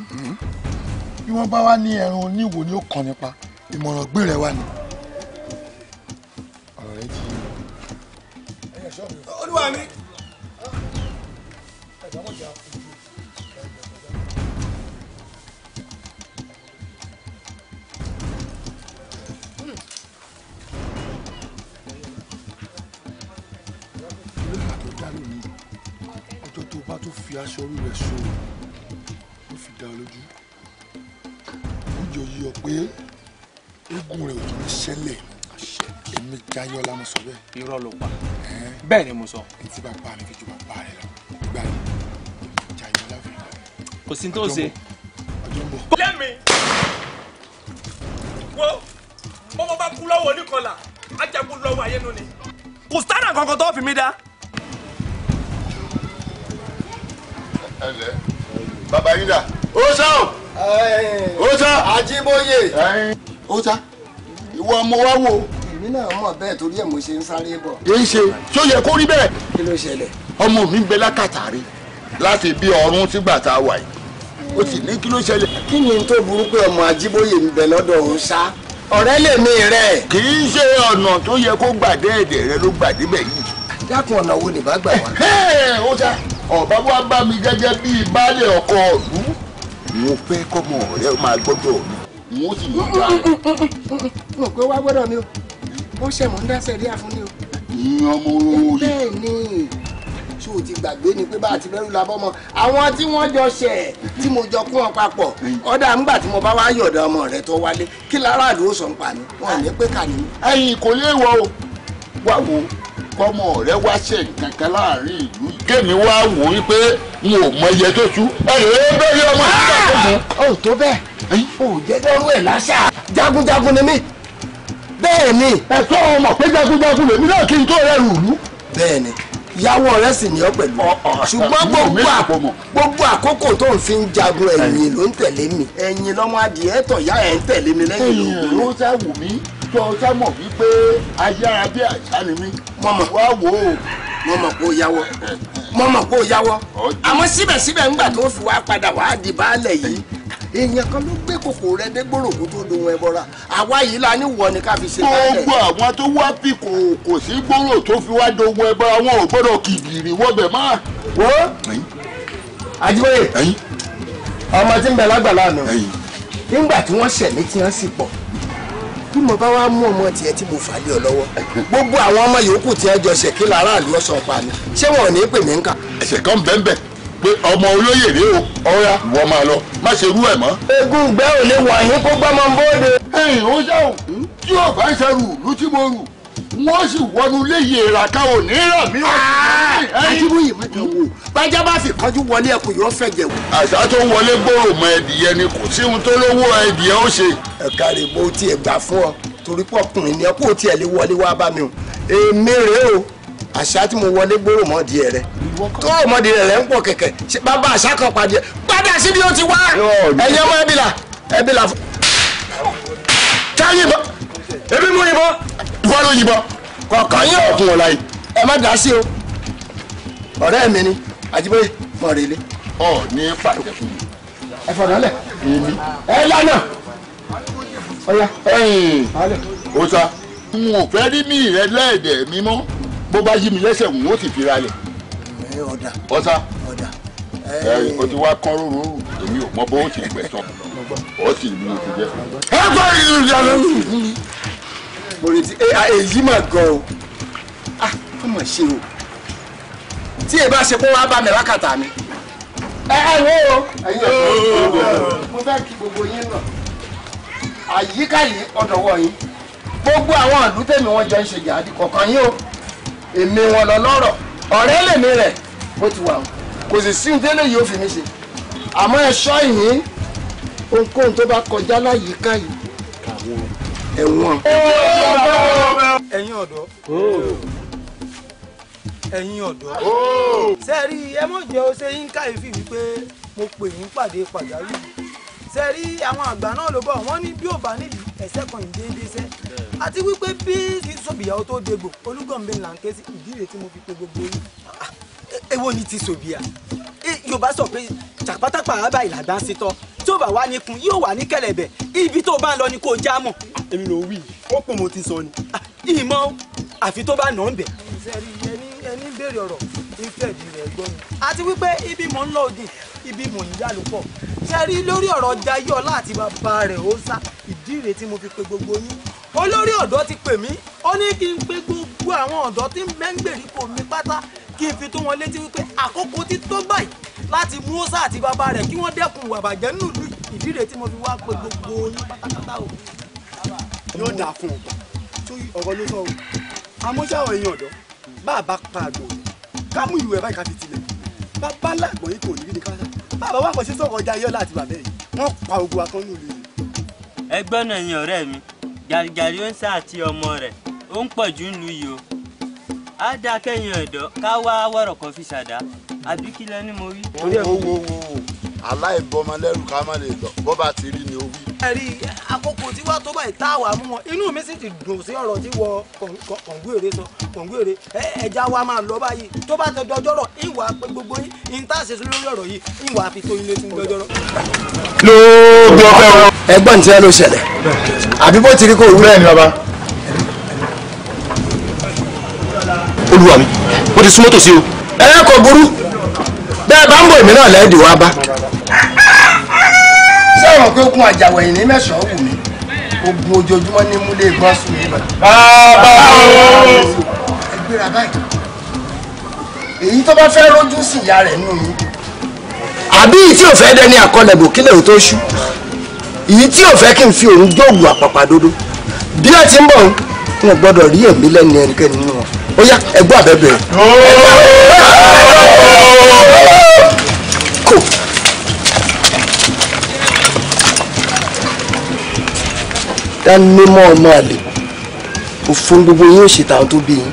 bí wọ́n bá wá ní ẹran oníwò ni ó kàn nípa ìmọ̀ràn gbé rẹ̀ ni. ọ̀rọ̀ rẹ ti. olúwa mi. so ó fi dá ọ lójú ó jọ yí ọ pé eégún rẹ ò tún ṣẹlẹ̀ èmi jayọ la mo sọ bẹ́ẹ̀. irọ́ ló pa bẹ́ẹ̀ ni mo sọ. etí bàbá mi fi ju bàbá rẹ lọ gbà mí jayọ la kò sí tó ṣe. ọjọ́ ń bọ̀. lẹ́mi wo bọ́mọ bá kú lọ́wọ́ oníkọlà ajagun lọ́wọ́ ayé nu ni. kò sára kankan tó fi mi dá. bàbá yín dà ó sá o ó sá Ajíbóyè ó sá ìwọ ọmọ wa wo. èmi náà mọ̀ bẹ́ẹ̀ torí ẹ̀ mo ṣe ń sáré bọ̀. èyí ṣe tí ó yẹ kó rí bẹ́ẹ̀. kí ló ṣẹlẹ̀. ọmọ mi ń bẹ lákàtà rí láti bí ọrùn sígbà tá a wà yìí ó sì ní kí ló ṣẹlẹ̀. kí ni tó burú pé ọmọ Ajíbóyè ń bẹ lọ́dọ̀ òun ṣá ọ̀rẹ́ lèmi rẹ̀. kì í ṣe ọ̀nà tó yẹ kó gbàdé ẹ̀dẹ̀ rẹ ló gbàdébẹ̀ yìí. dákun ọ̀nà wo ni bá gbà wá. ó dáa ọba wa bá mi gẹ́gẹ́ bíi baálé ọkọ ìlú mo fẹ́ kọ́mọ rẹ máa gbọ́dọ̀ mi mo sì yọ̀ dá. mo pé wá gbọ́dọ̀ mi o ó ṣẹ̀mọ̀ ń dáṣẹ̀ rí àfún ni o. ìyẹn ọmọ olórí. bẹ́ẹ̀ ni ṣé o ti gbàgbé ni pé bá a ti bẹ́rù labọ́mọ àwọn tí wọ́n jọ ṣẹ̀ tí mo jọ kún ọ papọ̀ ọ̀dà ńgbà tí mo bá wá yọ̀dà ọmọ rẹ tó wálé kí lára àdúró sọ̀ ń pa mi wọn ò ní pé kà ní. ẹyin kò lè wọ o wá wo kọ́mọ rẹ wá ṣe nǹkan kan láàrin ìlú kémi wá wò ó pé n ò mọ iye tó tú ẹ̀rọ bẹ́ẹ̀ ọmọ nígbà tó mú. ó tó bẹ́ẹ̀ ó jẹ́ dọ́rú ẹ̀ láṣà jagunjagun ni mí bẹ́ẹ̀ ni. ẹ sọ ọmọ pé jagunjagun lèmi náà kí n tó rẹ̀ rùlú. bẹ́ẹ̀ ni yàwó rẹ sì ní ọ pẹ̀lú ṣùgbọ́n gbogbo gbogbo àkókò tó ń fi ń jagun ẹ̀yìn ló ń tẹ̀lé mi ẹ̀yìn lọ́mọ adìẹ tọ̀ yá ń tẹ̀lé mi lẹ́yìn lóògùn. ẹ̀yìn ló sá wù mí jọ ọjà mọ̀ wípé ayára bí àṣà ni mí mọ̀mọ̀ wá wò ó mọ̀mọ̀ kó yáwọ́ mọ̀mọ̀ kó yáwọ́ àmọ́ síbẹ̀síbẹ̀ ńgbà tó fi wá padà wá di baálẹ̀ yìí èèyàn kan ló gbé kòkò rẹ dé gbòròkó tó dohun ẹbọra àwa yìí la ní wọ ni ká fi ṣe báyìí. gbogbo àwọn tó wá bí kò sí gbòòrò tó fi wá dohun ẹbọra wọn ò gbọ́dọ̀ kìgìrì wọbẹ má. wo àjíwèé ọmọ tí ń bẹ lágbàlá mi nígbà tí wọ́n ṣẹ̀ mí tí wọ́n sì pọ̀ bí mo bá wá mú ọmọ tiẹ̀ tí mo fà lé ọ lọ́wọ́ gbogbo àwọn ọmọ yòókù tí ẹ jọ ṣèké láràlú ọ̀sán pa ni ṣé wọn ò ní pè mí ń kà. ẹsẹ̀ kan bẹ́ẹ̀ pé ọmọ olóyè rèé o ọ̀rá ìwọ máa lọ má ṣe rú ẹ̀ mọ́. egun ò lè wà kó gbọ́mọ bóde. ẹ̀yìn ó ṣàwò tí ò bá ṣe rù tí mo rù wọ́n sì wọnú léyìí ìràká ò ní rà mí ò sí. ajíbóyè má dàn wò bájá bá fi kánjú wọlé ẹkùn yóò fẹ̀jẹ̀ wò. àṣà tó wọlé gbòòrò mọ ẹdìyẹ ni kò sí ohun tó lówó ẹdìyẹ ó ṣe. ẹ̀ka rè mo tiẹ̀ gbà fún ọ torí pọ̀ kùnrin ni ẹ kó tiẹ̀ lè wọlé wá bá mi o èmi rèé o àṣà tí mo wọlé gbòòrò mọ́ di rẹ tó o mọ́ rẹ ń pọ̀ kẹ̀kẹ́ bàbá ìwọ ló yìnbọn kọ̀ọ̀kan yín òkun ọ̀la yìí ẹ má dá sí o ọ̀rẹ́ mi ni àjíbóyè mọ̀rẹ́lẹ́ ọ̀ ní pàdé fún mi ẹ fọ̀dọ̀ lẹ̀ èmi ẹ lánàá ọ̀ya ẹ̀yìn ọ̀sà n ò fẹ́ rí mi rẹ lẹ́ẹ̀dẹ̀ mi mọ́ bó bá yí mi lẹ́sẹ̀ n ó sì fi ra lẹ̀ ọ̀sà o ti wá kán rúru èmi ò mọ bó o ti gbẹ̀sán o sì mú o ti jẹ́. ẹ fọ́ ìrìn àjò mo retí èyí mà gan o ah ó mà ṣe o tí èyí bá ṣe kó wá bá mi lákàtà mi. ẹ ẹ wo o mo fẹ́ kí gbogbo yín lọ àyíká yìí ọ̀dọ̀wọ̀ yín gbogbo àwọn ìlú tèmi wọn jọ ń ṣe jàdí kọ̀ọ̀kan yín o èmi wọn lọ lọ́rọ̀ ọ̀rẹ́ lèmi rẹ̀ bó ti wà o kò sì sí ìdílé yìí ó fi mi ṣe àmọ́ ẹ̀ṣọ́ yìí ohunkóhun tó bá kọjá láyìíká yìí ẹ̀wọ̀n. ẹ̀yin ọ̀dọ́ ẹ̀yin ọ̀dọ́ sẹ́ẹ̀rí ẹ mọ̀ jẹ́ ó ṣe yín káyìífì wípé mo pè yín pàdé pàjáwìrì sẹ́ẹ̀rí àwọn àgbà náà ló bọ̀ wọ́n ní bí ò bá nídìí ẹ̀sẹ̀ kan ìdéédéé sẹ́ àti wípé bí sísọ̀bìyàwó tó dégbò olúgọ̀ǹbẹ̀ là ń ké sí ìdí tí mo fi pe gbogbo yín èwo ni ti sòbíà e, yorùbá sọ pé jàpátápà àbá ìlàgbà sí tọ́ tí ó bá wà ní kun yóò wà ní kẹ̀lẹ̀bẹ̀ ibi tó bá ń lọ ni kò já mọ̀ èmi ló wí ó pò mo ti sọ ni ah, ìmọ̀ àfi tó bá nà ń bẹ̀. ẹni béèrè ọ̀rọ̀ ìfẹ̀dí rẹ̀ gbọ́ mi. àti wípé ibi mò ń lọ òdì ibi mò ń yá ló pọ̀ ṣe lórí ọ̀rọ̀ Jayéọlá àti bàbá rẹ̀ ó sá ìdí rèé mo fi pe gbogbo yín olórí ọ̀dọ́ ti pè mí ó ní kí n pe gbogbo àwọn ọ̀dọ́ tí ń bẹ gbèríko mi pátá kí n fi tó wọn létí wípé àkókò ti tó báyìí láti mú Mósè àti bàbá rẹ̀ kí wọ́n dẹ́kun ìwà ìbàjẹ́ nínú ìlú ìdí tí mo fi wá pe gbogbo yín pátápátá o. yóò dáa fún ọgbà tó ọ̀rọ̀ ló sọ o amóṣáwọ̀ ẹ̀yin ọ̀dọ́ bá a bá pa àgbọ̀n ká mú ìwé báyìí ká fi tilẹ̀ bàbá làgbọ̀n yìí kò ní ní káṣá ẹgbẹ́ náà ẹ̀yin ọ̀rẹ́ mi gàrígàrí ó ń sá àti ọmọ rẹ̀ ó ń pọ̀jù ń lu yìí o á dáa kẹ́yìn ọ̀dọ́ ká wá wọ̀rọ̀ kan fi ṣàdá àbí kí lẹ ní mo wí. wo wo wo aláìbọmọlẹ́rù ká má lè lọ bó bá ti rí ni ó wí. ẹ̀rí àkókò tí wàá tó báyìí tá a wà mú wọn inú mi sì ti dùn sí ọ̀rọ̀ tí wọ kọ̀ǹgúèrè sọ kọ̀ǹgúèrè ẹja wa máa lọ báyìí tó bá tọjọ́ ọjọ́rọ̀ ìwà gbogbo yín ní tá a ṣe lórí ọ̀rọ̀ yìí ìwà fi tó ilé tí mo lọ́jọ́rọ̀. lóògbé ọpẹ wọn. ẹ̀gbọ́n tí wọn ló ṣẹlẹ̀ àbí bó ti rí kó rú ní baba. olúwa mi mo ti súnmọ́ tòsí o. ẹ kò burú bẹ́ẹ̀ bá ń bọ̀ èmi náà lẹ́ẹ̀dì wá bá. ṣé ọ̀rọ̀ pé okun àjàwẹ̀yìn ní mẹ́sàn-án wù mí ogun ojoojúmọ́ ní múlẹ̀ gbọ́n sùn yìí bàbá o. ẹ gbéra báyìí èyí tó bá fẹ́ rójú sí ìyá rẹ̀ nù mí. àbí ìyí tí ò fẹ́ dẹni àkọlẹ̀bò kílẹ̀ ò tó ṣú ìyí tí ò fẹ́ kí n fi òun jóògùn àpàpàdodo bí ẹ ti ń bọ̀ n ò gbọ́dọ̀ rí èmi lẹ́nu ẹnikẹ́ni nínú wọn ó yá ẹgbọ́n àbẹ̀bẹ̀. kò. dání mọ́ ọmọ àlè òfin gbogbo yín ò ṣètà tó bí yín.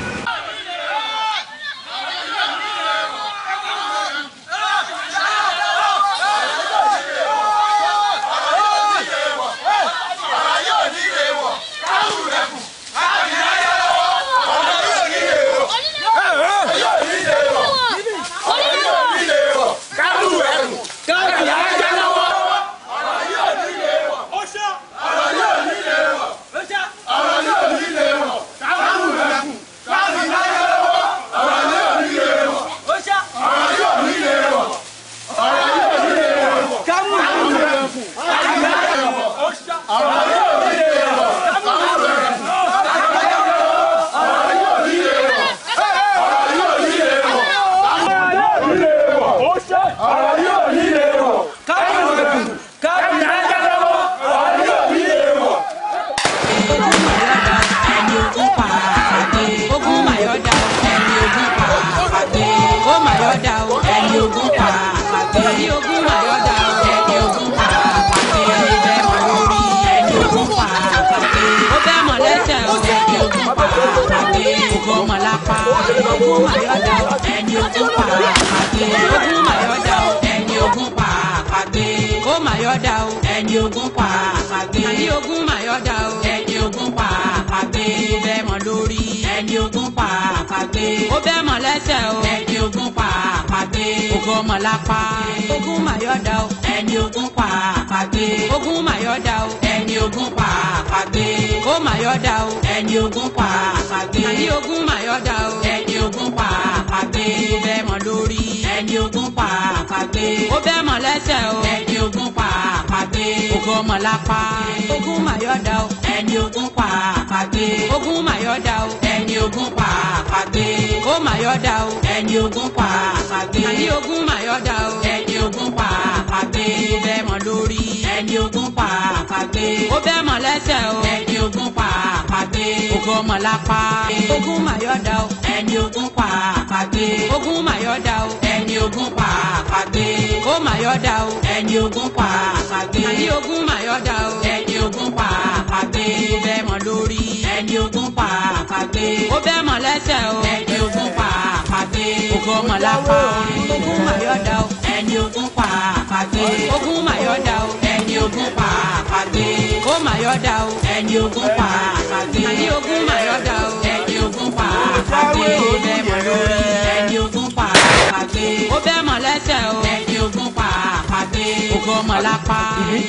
àpagbé. ó bẹ́ mọ̀ lẹ́sẹ̀ o. ẹni ogún pa àpagbé. ogún ọmọ ogún màyọ̀dá o. ẹni ogún pa àpagbé àpagbé. ogun mayọ̀dá o. ẹni ogun pa àpagbé. ó mayọ̀dá o. ẹni ogun pa àpagbé. àní ogun mayọ̀dá o. ẹni ogun pa àpagbé. ó bẹ́ lórí. ẹni ogun pa àpagbé. ó bẹ́ mọ lẹ́sẹ̀ o. ẹni ogun pa àpagbé. ogun ọmọ lápá. ogun mayọ̀dá o. ẹni ogun pa àpagbé. ogun mayọ̀dá o. ẹni ogun pa àpagbé. ó mayọ̀dá o. ẹni ogun pa àpagbé. àní ogun mayọ̀dá o. ẹni ogun pa àpagbé àpagbé. ó bẹ́ mọ̀ lórí. ẹni ogún pa àpagbé. ó bẹ́ mọ̀ lẹ́sẹ̀ o. ẹni ogún pa àpagbé. ògo mọ̀ lápá o. ogún màyọ̀dá o. ẹni ogún pa àpagbé. ogún màyọ̀dá o. ẹni ogún pa àpagbé. ó màyọ̀dá o. ẹni ogún pa àpagbé. àní ogún màyọ̀dá o. ẹni ogún pa àpagbé. ó bẹ́ mọ̀ lórí. ẹni ogún pa àpagbé. ó bẹ́ mọ̀ lẹ́sẹ̀ o ògùn ọmọ lápá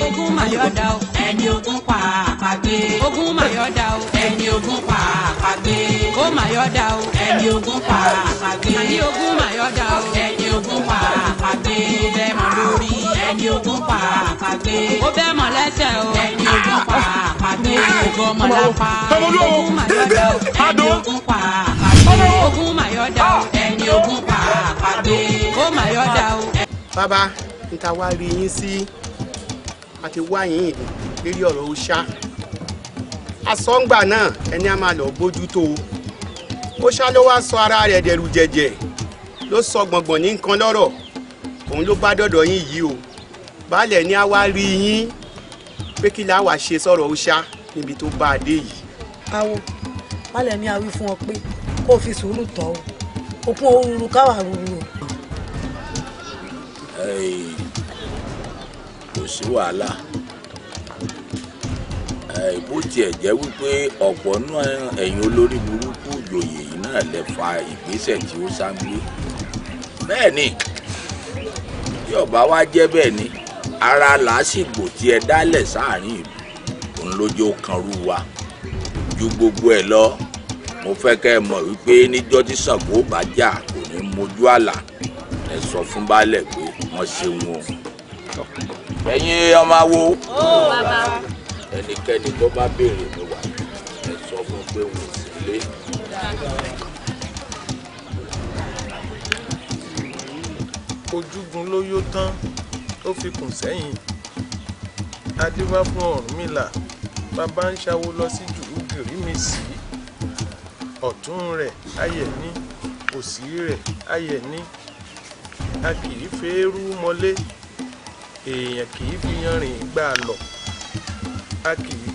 ogun mayọ̀dá o ẹni ogun pa àpagbé ogun mayọ̀dá o ẹni ogun pa àpagbé ó mayọ̀dá o ẹni ogun pa àpagbé àní ogun mayọ̀dá o ẹni ogun pa àpagbé ó bẹ́ mọ lórí ẹni ogun pa àpagbé ó bẹ́ mọ lẹ́sẹ̀ o ẹni ogun pa àpagbé ògùn ọmọ lápá ogun mayọ̀dá o ẹni ogun pa àpagbé ogun mayọ̀dá o ẹni ogun pa àpagbé ó mayọ̀dá o. bàbá níta wá rí yín sí àti wá yín lérí ọ̀rọ̀ ọ̀ṣà asọ́ngbà náà ẹni a máa lọ bójú tó o ló wá sọ ara rẹ̀ dẹ̀rù jẹ̀jẹ̀ ló sọ gbọ̀ngbọ̀n ní nǹkan lọ́rọ̀ òun ló bá dọ̀dọ̀ yín yìí o baálẹ̀ ni a wá rí yín pé kí la wàá ṣe sọ̀rọ̀ ọ̀ṣà níbi tó bá a dé yìí. awo baálẹ̀ ni a wí fún ọ pé kó o fi sùúrù tọ́ o òkun òrùrù káwà rúru o kò sí wàhálà bó tiẹ̀ jẹ́ wípé ọ̀pọ̀ náà ẹ̀yin olórí burúkú ìjòyè yìí náà lè fa ìgbésẹ̀ tí ó sáńgbé bẹ́ẹ̀ ni tí ọba wa jẹ́ bẹ́ẹ̀ ni ara làásìgbò tí ẹ dálẹ̀ sáàrin ìlú òun lójó kanrú wa ju gbogbo ẹ lọ mo fẹ́ kẹ́ ẹ mọ̀ wípé níjọ́ tí Ṣàngó bá jà kò ní mojú àlà ẹ sọ fún baálẹ̀ pé wọ́n ṣeun o ẹ̀yin ọmọ awo oh, ẹnikẹ́ni tó bá béèrè mi wà ẹ sọ fún pé wò sílé. ojúgun ló yó tán tó fi kùn sẹ́yìn adéwá fún Ọ̀rúnmìlà bàbá ń ṣàwó lọ sí jùlù gìrì mi sí ọ̀tún rẹ̀ ayẹ̀ ní òsì rẹ̀ ayẹ̀ ní akìrí fẹ́ẹ́ mọ́lé èèyàn kì í fi yanrìn gbà lọ a kì í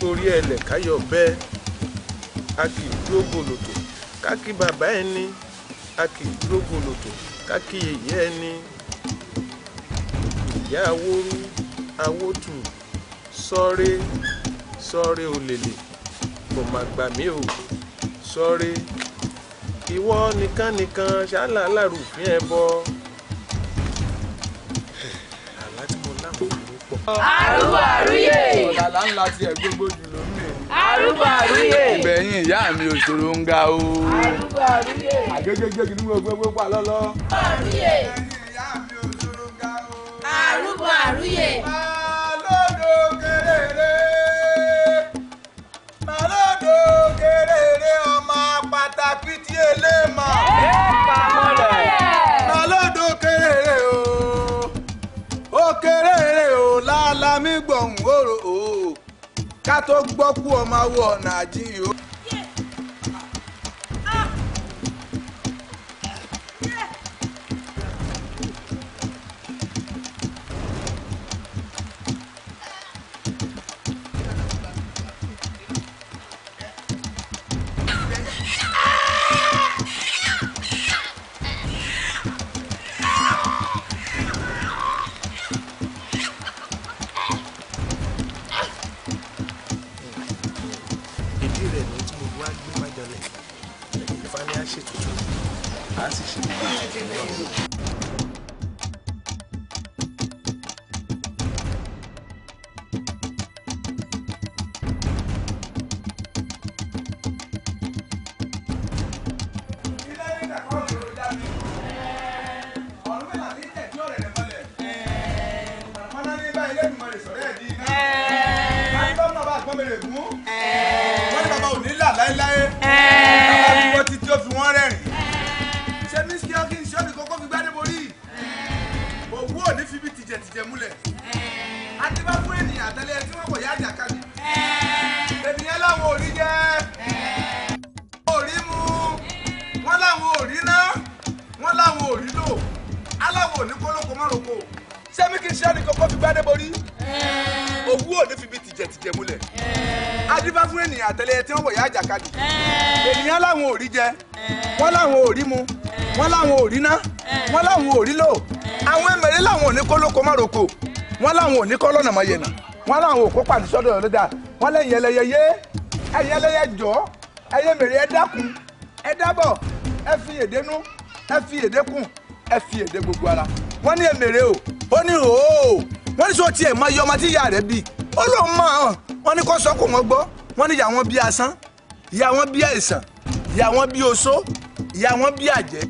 torí ẹlẹ̀ káyọ̀ bẹ́ẹ̀ a kì í dúró gòlòtò ká kí bàbá ẹni a kì í dúró gòlòtò ká kí èyí ẹni ìyá awórú awótù sọ́ré sọ́ré olèlè kò má gbà mí o sọ́ré ìwọ nìkan nìkan ṣáàlà lárùfín ẹ bọ́. arúgbó àrúyè. ọ̀làlà ńlá ti ẹ̀ gbogbo jù lómi. arúgbó àrúyè. ìbẹ̀yìn ìyá mi ò ṣòro ń ga o. arúgbó àrúyè. àgégégé kìíní mo gbé gbé pa lọ́lọ́. àrúyè. ìbẹ̀yìn ìyá mi ò ṣòro ọmọ pàtàkì tí eléèmọ̀. ẹ pàmò rẹ̀. ká tó gbọ́ kú ọmọ awọ ọ̀nà àjíyó. Grazie. ní kọ́ lọ́nà mọ́ yẹn nà wọ́n láwọn ò kópa ní sọ́dọ̀ ọ̀rọ̀ dà wọ́n lẹ́yìn ẹlẹ́yẹ yé ẹ̀yìn ẹlẹ́yẹ jọ ẹyẹ mèrè ẹ dákun ẹ dábọ̀ ẹ fi èdè nú ẹ fi èdè kùn ẹ fi èdè gbogbo ara wọ́n ní èmèrè o ó ní òó wọ́n ní sọ tiẹ̀ máa yọ ọmọ tí ìyá rẹ̀ bí ó lóun mọ̀ ọ́n wọ́n ní kó sọ kó wọ́n gbọ́ wọ́n ní ìyá wọn bí asán ìyá wọn bí àìsàn ìyá wọn bí oṣó ìyá wọn bí àjẹ́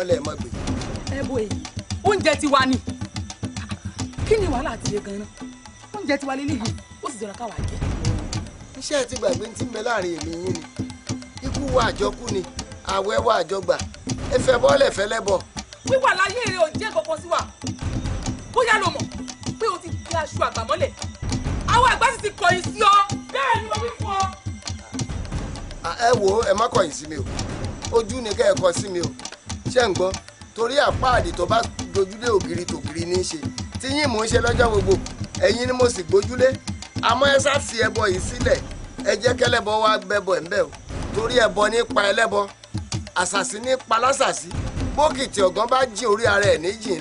wọn lẹ mọ gbé. ẹ bo èyí oúnjẹ tiwa ni kí ni wàhálà àti ilé ganan oúnjẹ tiwa lé léyìí ó sì jọra káwa jẹ. iṣẹ́ ti gbàgbé ti ń bẹ láàrin èmi yín ni ikú wa àjọkú ni àwẹ̀ wa àjọgbà ẹ fẹ́ fẹ́lẹ́ bọ̀. wíwà láyé rẹ ò jẹ́ kankan sí wa bóyá lo mọ̀ pé o ti di aṣọ àgbàmọ́lẹ̀ àwọn àgbà sì ti kọ̀yìn sí ọ bẹ́ẹ̀ ni wọ́n wí fún ọ. ẹ wo ẹ má kọ̀yìn sí mi o ojú ni kẹ́ ẹ kọ sí mi o ṣé ń gbọ́ torí àpáàdì tó bá dojúlé ògiri kiri ní í ṣe tí yín mò ń ṣe lọ́jọ́ gbogbo ẹ̀yin ni mo sì gbójúlé àmọ́ ẹ sá fi ẹbọ yìí sílẹ̀ ẹ jẹ́ kẹ́lẹ́bọ wá gbẹbọ ẹ̀ ń bẹ̀ o torí ẹbọ ní pa ẹlẹ́bọ àṣàṣì ní pa lásàṣì bókìtì ọ̀gán bá jìn orí ara ẹ̀ ní jìn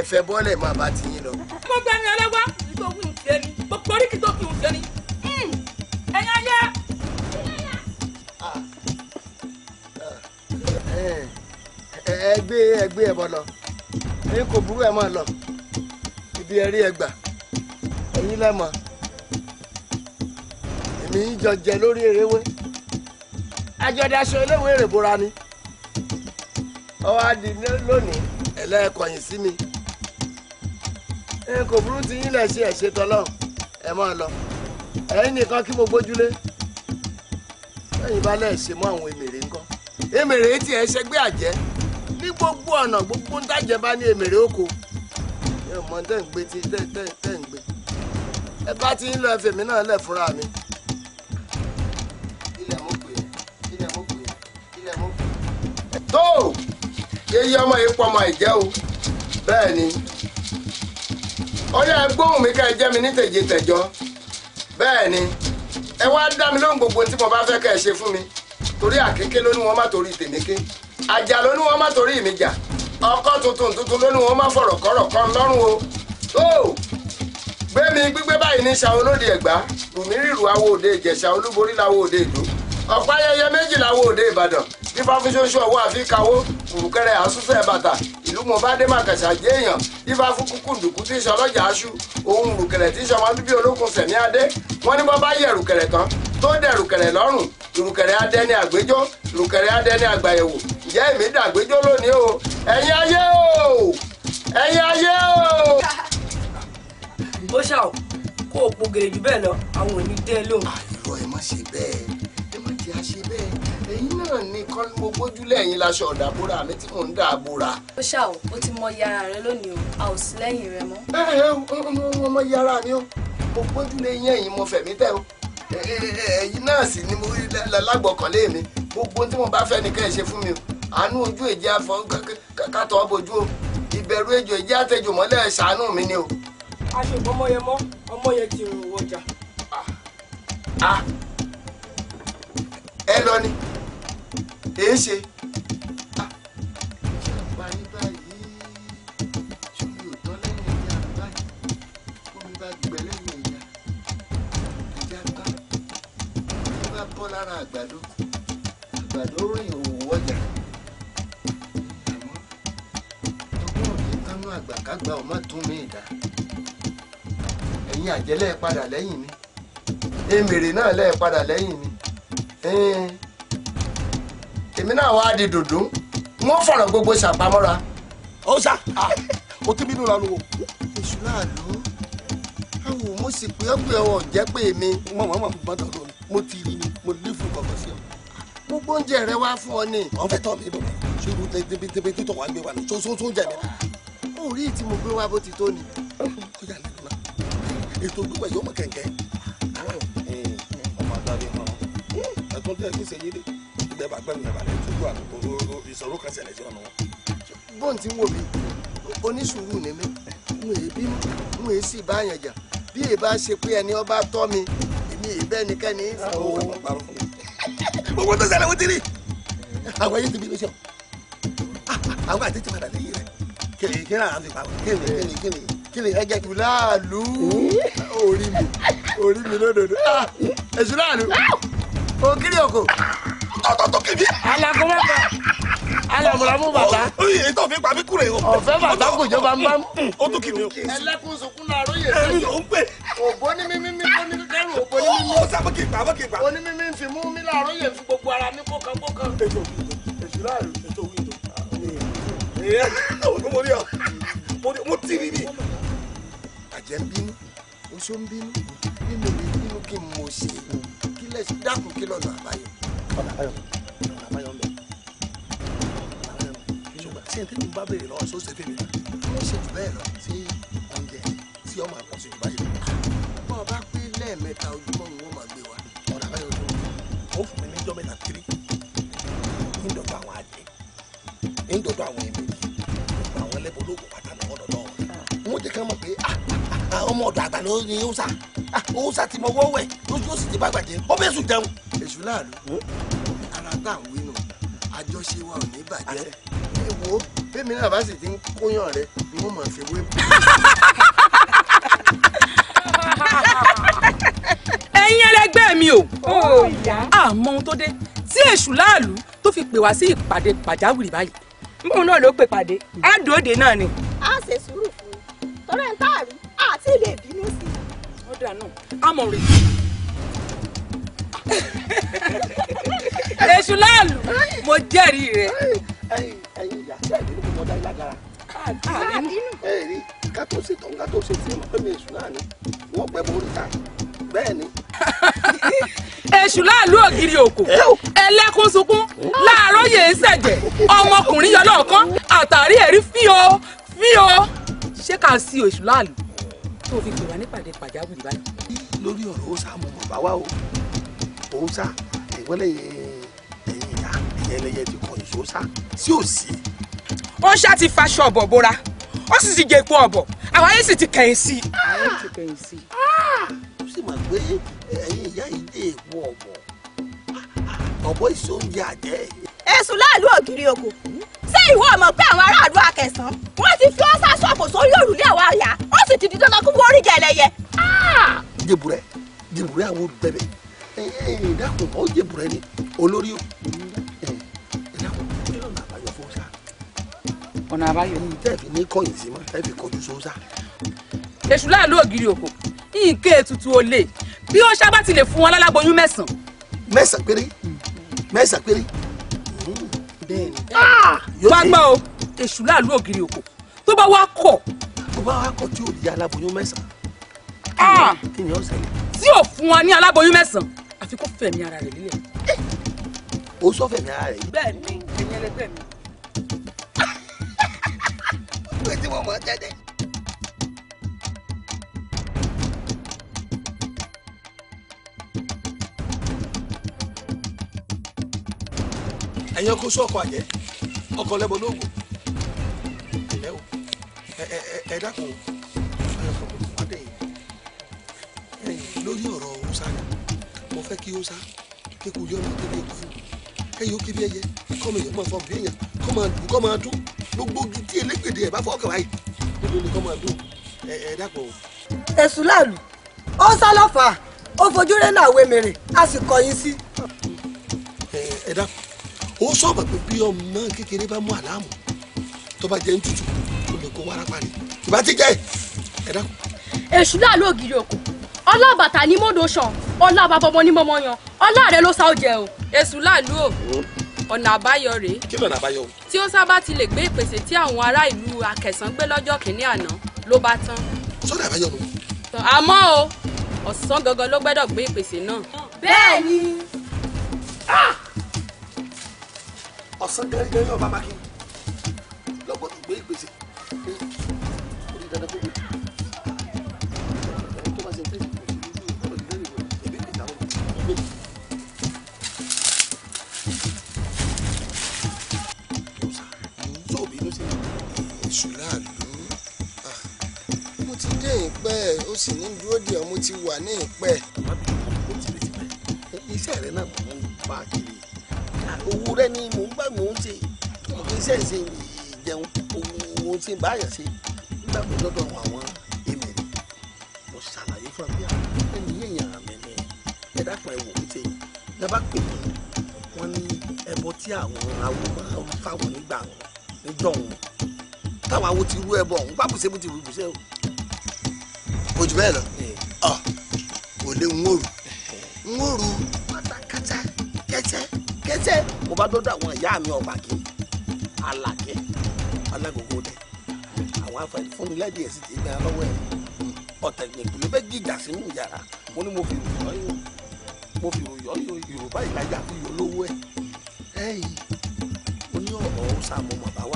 ẹ̀fẹ̀ bọ́ọ̀lẹ̀ máa bá ti yín lọ. mo gbẹ́ni ọlọ́wọ́ ìgbógun ìfẹ́ ni gbogbo oríkì tó ẹgbẹ́ ẹgbẹ́ ẹ̀bọ lọ èyí kò burú ẹ̀ máa lọ ibi ẹ̀rí ẹgbà ẹ̀yìn lẹ́mọ̀ èmi ń jọ jẹ lórí eréwé ajọ́dáṣọ eléwé èrèbora ni ọwọ́ adi lónìí ẹlẹ́ẹ̀kọ̀yìn sí mi èyí kò burú ti yín lẹ̀ ṣe ẹ̀ṣẹ̀ tọ́lọ́ ẹ̀ máa lọ ẹ̀yin nìkan kí mo gbójúlé lẹ́yìn bá lẹ́ẹ̀ ṣe mọ́ àwọn èmèrè ńkọ́ èmèrè tí ṣẹgbẹ́ àjẹ́ ní gbogbo ọ̀nà gbogbo ń tàjẹ́ bá ní èmèrè oko ẹ mọ tẹ́ ń gbé tí tẹ́ tẹ́ tẹ́ ń gbé ẹ bá ti ń lọ ẹfẹ̀ mi náà lẹ̀ fúnra mi. ilẹ̀ mo pè é ilẹ̀ mo pè é ilẹ̀ mo pè é. tó yeye ọmọ yìí pọ̀ ìjẹ́ o bẹ́ẹ̀ ni ọyá gbóhùn mi ká ẹ jẹ́ mi ní tẹ̀jẹ̀ tẹ̀jọ́ bẹ́ẹ̀ ni ẹ wá dá mi lóhùn gbogbo tí mo bá fẹ́ kẹ́ ẹ ṣe fún mi torí àkéké ló wọn má torí tèméké àjà ló ní wọn má torí mi jà ọkọ tuntun tuntun ló ní wọn má fọ̀rọ̀ kọ́rọ̀ kan lọ́rùn o tó gbẹmí gbígbé báyìí ní ṣàwọn olóde ẹ̀gbá lùmírìrù awo òde ìjẹ̀ṣà olúborí làwọn òde ìlú ọ̀pá ayẹyẹ méjì làwọn òde ìbàdàn nípa fi ṣoṣo ọwọ́ àfikàwó kùrùkẹrẹ àsúfẹ́ bàtà ìlú mọ̀bádé màkàṣà jẹ́ èèyàn ifá fún kúkú ndùkú tí ìṣọ́ ọlọ́jà aṣú ohun rùkẹ̀rẹ̀ tí ìṣọ́ ọmọ bíbí olókun sẹ̀mí adé wọ́n ní bọ́ yẹ rùkẹ̀rẹ̀ tán tó dẹ̀ rùkẹ̀rẹ̀ lọ́rùn rùkẹ̀rẹ̀ adẹ́ni àgbéjọ́ rùkẹ̀rẹ̀ adẹ́ni àgbàyẹ̀wò ìṣẹ́ mi dàgbéjọ́ lónìí o ẹ̀yin ayé o ẹ̀yin ayé o. ó ṣá o kó o po gèrè jù bẹ́ẹ̀ lọ àwọn ò ní dẹ́ lóhùn. àlọ́ ẹ má ṣe bẹ́ẹ̀ ẹ má jẹ́ àṣe bẹ́ẹ̀ ẹ̀yin náà ni kọ́ ni mo gbójúlé ẹ̀yin laṣọ ọ̀dàbúrà mi tí mò ń dàbúrà. ó ṣá o ó ti mọ yàrá rẹ lónìí o a ò sí lẹ́yìn rẹ mọ́. ẹ ẹ ọmọ yàrá mi o mo gbójúlé yín ẹ̀yin mo fẹ̀mí tẹ́ o ẹ̀yin náà sì ni mo lágbọ̀kànlé mi gbogbo ohun tí mo bá fẹ́ ni kẹ́ ẹ ṣe fún mi o àánú ojú èjì afọ́n kátó bojú o iberu ejò èjì àtẹjò mọ́lẹ̀ ṣàánú mi ni o. a ṣe ìbọn mọ ọmọye ti rìn a ẹ lọ ni èé ṣe. àgbàdo àgbàdo rìn òwò àgbàkágbà ò má tún mí ìdá ẹ̀yin àjẹ́lẹ̀ padà lẹ́yìn mi èmèrè náà lẹ́ẹ̀ padà lẹ́yìn mi èmi náà wá di dòdò wọ́n fọ̀rọ̀ gbogbo ṣàpamọ́ra. ó ṣá o ti bínú lanu wo. èṣù náà ló àwọn mo sì pé ọgbẹ ọwọ jẹ pé mi. mo mọ mọ gbọdọ lọ mo ti rí ni mo ní fún bàbá sí ọ. gbogbo oúnjẹ rẹ wá fún ọ ni. ọfẹ tọ mi bọ ṣé irú tẹbẹtẹbẹ tó wà gbé wa ni ṣoṣooṣo jẹ mi orí tí mo gbé wá bó ti tó ni. ètò olúwa yóò mọ kẹ̀kẹ́. Eh, ọmọ àgbàdo kan ẹ̀tọ́ tó yẹ kí ṣe yéde ìgbẹ́bà gbẹ́nu nàbà ní ìtújú àgbò ìṣòro kan ṣẹlẹ̀ sí ọ̀nà wọn. bóun ti ń wò mí onísùúrù ni mí n èé bínú n èé sì bá yàn jà bí èé bá ṣe pé ẹni ọba tọ́ mi èmi èé bẹ́ẹ̀ nìkẹ́ni. gbogbo tó ṣẹlẹ̀ wọ́n ti rí àwọn ayé ti bí mi sọ ah, ah, àwọn àti ti padà lẹ́yìn rẹ̀ kíni kíni àwọn ti pa kíni kíni kíni kíni ẹ jẹ kí. láàlú orí mi orí mi lódodo èsì láàlú ògiri òkò tọ́tọ́tọ́ kìbí. alakoma bá alamulamu bàbá. oye ètò òfin pàmí kúrè o. ọ̀fẹ́ bàbá kò jọba ń bá mú. o tún kìbí o. ẹlẹ́kùn sunkún náà róye. èmi ló ń pè. òbó ní mímí mi ó ní dẹ́rù òbó ní mímí. ó sábà kì í pa bá kì í pa. onímímí fi mú mi láàróye fi gbogbo ara mi kó kan kó kan. ètò òfin ètò òfin nìyẹn mo rí ọ mo ti rí bí. àjẹ́ ń bínú oṣó ń bínú nínú mi bínú kí n mo ṣe kí lẹ́sìn dákun kí lọ́nà àbáyọ. ọ̀nà àbáyọ ọ̀nà àbáyọ ń bẹ ṣe tí mo bá béèrè lọ́wọ́ sóṣè fèmí fún mi níjọ́ mẹ́ta kiri ńdọdọ àwọn ẹbí gbogbo àwọn ẹlẹbọ ológun pátá náà wọn dọdọ wọn jẹ ká mọ̀ pé ah, ah, ah, ọmọ ọ̀dọ̀ àgbà ló ní ọsà ọsà ti mọ wọwẹ lójú ó sì ti bá gbàjẹ ọmọ èṣù jẹun. èṣù láàlú ara tá à ń àjọṣe wa ò ní bàjẹ́ ewo bẹ́ẹ̀ náà bá sì ti ń kóyàn rẹ ni wọ́n máa fi wé. ẹ̀yin ẹlẹgbẹ́ mi o àmọ́ ohun tó dé tí èṣù láàlú tó fi pè wá sí ìpàdé pàjáwìrì báyìí nkùn náà ló pè pàdé á dòde náà ni. a ṣe sùúrù fún un tọrọ ń tààrí àti ilé ìbínú sí i. ó dà náà èṣù láàlú mo jẹ́rìí rẹ. ẹyin ẹyin ìyá tí àìlè ní mọ̀ọ́dá lágara. àbínú. ẹ rí ká tó ṣe tán ká tó ṣe tí mo fẹ́ mi èṣù náà ni wọ́n pẹ́ borí ta bẹ́ẹ̀ni. èṣù láàlú ògiri òkò ẹlẹ́kùn sunkún láàárọ̀ yèé ṣẹ̀jẹ̀ ọmọkùnrin yọ lọ́ọ̀kan àtàrí ẹ̀rí fíò fíò ṣé kà á sí èṣù láàlú tó fi pè nípàdé pàjáwìrì báyìí. lórí ọ̀rọ̀ ó mo mọ̀ bá wá o òun sá ẹ̀yìn ìyá ti kọ ìṣó sí òsì. ó ti faṣọ ọ̀bọ̀ bora ó sì ti jẹ epo ọ̀bọ̀ àwọn ayé sì ti kẹ̀yìn sí i. ayé ti kẹ̀yìn sí i. ó sì mọ̀ pé eh, ẹ̀yin ìyá yìí dé epo ọ̀bọ̀ ọ̀bọ̀ ìṣó oúnjẹ àjẹ́. ẹ̀sùn láàlú ògiri oko ṣé ìwọ ọmọ pé àwọn aráàlú akẹsàn wọn ti fi ọsà ṣọpọ sórí òrùlé àwọn àyà ó sì ti di dandan kó wọ́n rí jẹlẹyẹ. jẹbùrẹ jẹbùrẹ àwọn olùbẹbẹ ẹ ẹ dákun jẹbùrẹ ni olórí ọ̀nà àbáyọ ni. tẹ́ẹ̀fì ní kọ́yìn sí mọ́ tẹ́ẹ̀fì kọjú sóńsà. èṣù láàlú ògiri òkò nǹkan ètùtù ò lè bí ó ṣá bá ti lè fún wọn lálágbóyún mẹ́sàn mẹ́sàn péré mẹ́sàn péré. bẹ́ẹ̀ni ah! wá gbọ́ o èṣù láàlú ògiri òkò tó bá wá kọ̀. tó bá wá kọ̀ tí ò di aláboyún mẹ́sàn ah! kí ni ó ṣẹlẹ̀. tí ò fún wọn ní aláboyún mẹ́sàn àfi kó fẹ̀mí ara rẹ̀ lílẹ̀. Eh! ó sọ fẹ̀mí ara rẹ̀. bẹ́ẹ̀ni ẹ̀yin ẹlẹgbẹ́ mi ọmọ tẹ́tẹ́. ẹ̀yin ọkọ̀ sọ ọkọ̀ àjẹ́ ọkọ̀ lẹ́bọ̀ lóògùn ẹ̀lẹ́ o ẹ dákun lórí ọ̀rọ̀ ọ̀sán mo fẹ́ kí ó sá kékulé ọmọ kébi ètò ẹ̀yìn ó kébi ẹyẹ kọ́mọ èèyàn máa fọ bí èèyàn kọ́mọ àdùn kọ́mọ àdùn gbogbo gidi elégbèdè ẹ̀ bá fọ́ọ̀kàn báyìí gbogbo nìkan máa dùn ẹ̀ ẹ̀ dàpọ̀ o. èṣù láàlú ó sá lọ́fà ó fojú rẹ́nà àwẹ̀ mèrè a sì kọ̀yìn sí. ẹ ẹ ó sọ̀rọ̀ pé bí ọmọ kékeré bá mú àlámù tó bá jẹ́ ń tutù ó lè kó wárápá ni ìbá ti jẹ́ ẹ dá. èṣù láàlú ògiri òkú ọlọ́bàtà ni mọ́dọ̀ sàn ọlọ́bàbọ̀mọ́ ni mọ́mọ́ yan ọlá ló sá ọ̀nà àbáyọ rèé. kí lọ̀nà àbáyọ o. tí ó sábà ti lè gbé ìpèsè tí àwọn ará ìlú Akẹ̀sán gbé lọ́jọ́ kìíní àná ló bá tán. sọ́dọ̀ àbáyọ nù. àmọ́ o ọ̀sán gangan ló gbẹ́dọ̀ gbé ìpèsè náà. bẹ́ẹ̀ ni. Ah! ọ̀sán gangan yóò bá mákin lọ́gbọ́dọ̀ gbé ìpèsè. orí dandan èṣù láàlú ah, mo ti dé ìpẹ́ ó sì ní dúró dè ọ́ mo ti wà ní ìpẹ́. iṣẹ́ rẹ náà mo ń bá kiri owó rẹ ni mò ń gbà mò ń ṣe iṣẹ́ ìṣe ìjẹun owó ṣe báyà ṣe nígbà tó dọ́dọ̀ àwọn èmi mo ṣàlàyé fún abíyá ẹni yẹ̀yàn àmẹ́ni ẹ̀dá kan ẹ̀wò ń ṣe dábàá pè mí wọ́n ní ẹbọ tí àwọn awo máa ń fáwọn nígbà wọn níjọ́ wọn táwọn awo ti rú ẹ bọ̀ nípa bùsẹ̀ bùsẹ̀ bùsẹ̀ o. ojú bẹ́ẹ̀ lọ eh. ò lè ń wòrù ń wòrù pátákátá kẹ́tẹ́ kẹ́tẹ́ mo bá dọ́dọ̀ àwọn ìyá mi ọ̀gbà kí alàkẹ́ alágògó dẹ àwọn afẹ́ni fún mi lẹ́dí ẹ̀sìn tí ń bẹ̀rẹ̀ lọ́wọ́ ẹ̀ ọ̀tẹ̀ gbẹ̀gbẹ̀ ló bẹ́ gíjà sínú yàrá mo ní mo fi ròyọ́ yọ mo fi ròyọ́ yọ yorùbá ìlàjà fi yọ lówó ẹ̀ ẹ̀yìn mo ní ọ̀rọ̀ ọ̀hún mo mọ̀ bá wà.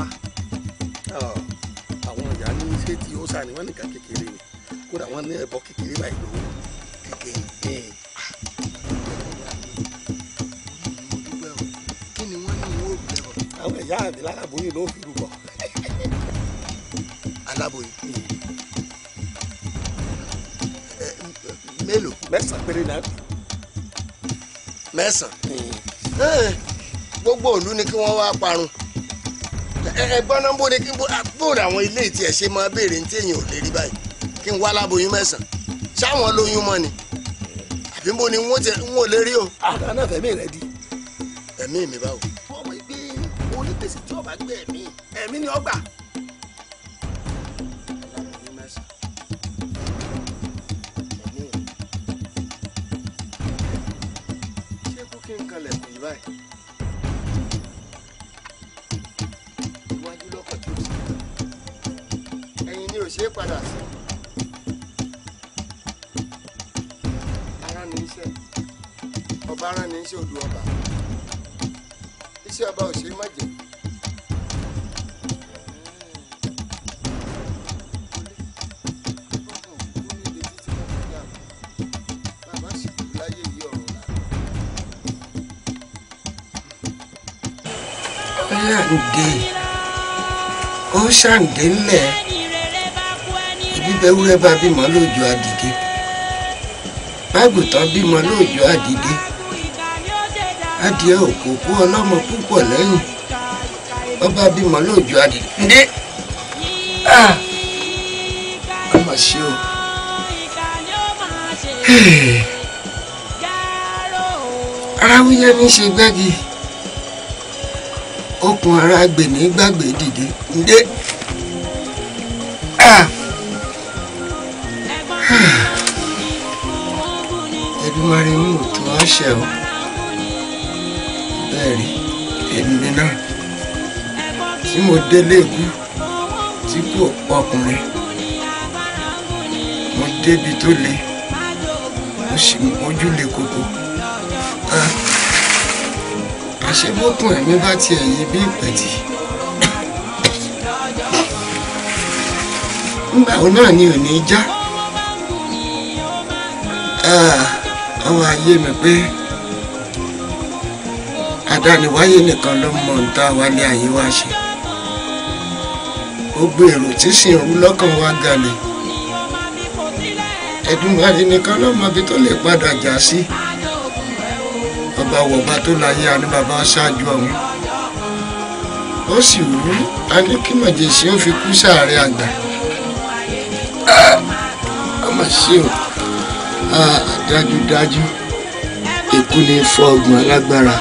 haúsá ni wọ́n nìkan kékeré ni kódà wọ́n ní ẹbọ kékeré báyìí lọ́wọ́ kékeré. ni wọ́n ní wọ́n rú lẹ́bọ̀. àwọn ẹ̀yà àbí aláboyún ló fi rúbọ. aláboyún. mélòó. mẹ́sàn-án péré náà. mẹ́sàn-án. gbogbo ìlú ni kí wọ́n wá parun ẹ̀gbọ́n náà bó ni kí n bóòdù àwọn ilé ìtì ẹ̀ ṣe máa béèrè ní téèyàn ò lè rí báyìí kí n wá láboyún mẹ́sàn-án ṣáwọn lóyún mọ́ ni àbí bó ni n ò lè rí o. Ah, àgbà náà fẹ̀mí rẹ di. ẹ̀mí mi báwo. ọmọ ìgbé onígbèsè tí ọba gbé ẹ̀mí ẹ̀mí ni ọgbà ṣàǹdè ó ṣàǹdè ńlẹ̀ ìbíbẹ́wúrẹ́ bá bímọ lóòjọ́ àdìdé bágùtàn bímọ lóòjọ́ àdìdé adìẹ òkòkò ọlọ́mọ púpọ̀ lẹ́yìn ọba bímọ lóòjọ́ àdìdé ọmọ ṣe o. ara wíyá ní í ṣe gbági okùn ara gbèmí gbàgbé dìde ǹdẹ. Èdùmàrè mú òtún àṣẹ o bẹ́ẹ̀ rí èmi náà tí mo délé ikú tí kò ọkùnrin mo débi tó le mo sì mójú. bókun ẹ̀mí bá tiẹ̀ yí bí ìpẹ̀tì nígbà wo náà ni ò ní já ọwọ́ ayé mi pé adániwáyé nìkan ló mọ nta wálé ayé wá ṣe gbogbo èrò tí sì ń rú lọ́kàn wá galẹ̀ Ẹ̀dùmàrè nìkan ló mọ ibi tó lè padà já sí. Si ọba wọ̀ba tó láyé àní bàbá ṣáájú ọ̀hún ó sì wú a ní kí màjèṣí ó fi kú sàárẹ̀ àgbà ọmọ ṣe o dájúdájú ikú ní fọ́ ọgbọ̀n alágbára.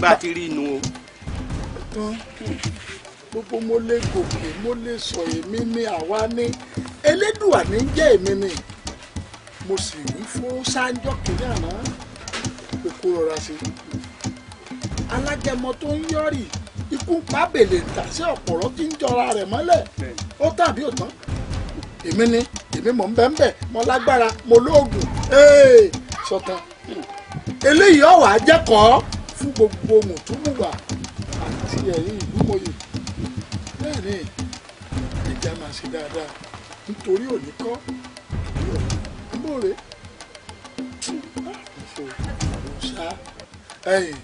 bá a ti rí inú o. gbogbo mo lè gòkè mo lè sọ èmi ni àwa ní elédùà ní jẹ́ èmi ni mo sì wí fún sáńjọ́ kìíní àná kókó rọra sí i alágẹmọ tó ń yọrì ikú pábèlè tà sí ọ̀pọ̀rọ̀ tí ń jọra rẹ̀ mọ́lẹ̀ ó tàbí ò tán èmi ni èmi mọ̀ ń bẹ́ ń bẹ́ lágbára mo lóògùn sọ̀tàn eléyìí ọ̀wà jẹ́kọ̀ọ́ gbogbo mùtúmùwà àti ẹ̀yìn ìlúmọ̀yè bẹ́ẹ̀ ni ìjà máa ṣe dáadáa nítorí òní kọ́ ìlú ọ̀hún mbòrè ṣá ẹ̀yìn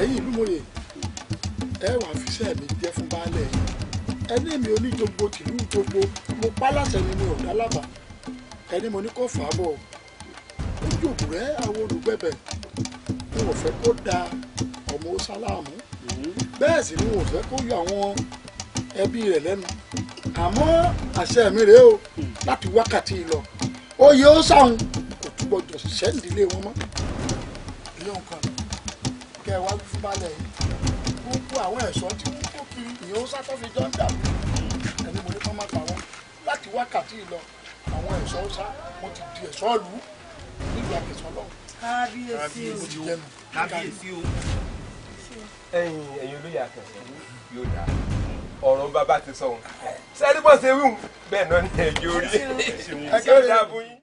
ẹ̀yìn ìlúmọ̀yè ẹ wà fiṣẹ́ mi jẹ́ fún baálé ẹni mi oníjogbo tìlú jogbo mo pa láṣẹ ni mi ò dá lábàá ẹni mo ní kó fà á bọ̀ ojú òbúrẹ́ àwọn olùgbẹ̀bẹ̀ mo ò fẹ́ kó dáa ọmọ ó sáláàmù bẹ́ẹ̀ sì ni wọ́n fẹ́ kó yọ àwọn ẹbí rẹ̀ lẹ́nu àmọ́ àṣẹ mi rèé o láti wákàtí lọ oyè ó sàrùn kò túbọ̀ jọ ṣiṣẹ́ ìdílé wọn mọ́. ilé nǹkan kẹ wá fún balẹ̀ yìí gbogbo àwọn ẹ̀ṣọ́ tí wọ́n kó kiri ìyẹn ó sátọ́ fi jọ ń dàbí ẹni mo ní kọ́ máa pa wọn láti wákàtí lọ àwọn ẹ̀ṣọ́ sá mo ti di ẹ̀ṣọ́ lù nílùú àkẹ́sọ́ lọ́hùn. kábíyèsí o kábíyèsí o ẹ̀yin ẹ̀yin olóyè akẹ́sì yóò dáa ọ̀rọ̀ bàbá ti sọ wọn sẹ́ẹ́dígbọ̀n ṣe wíwù bẹ́ẹ̀ náà ni ẹ̀jẹ̀ orí ẹ̀ṣẹ̀ wọn ṣe dáa fún yín.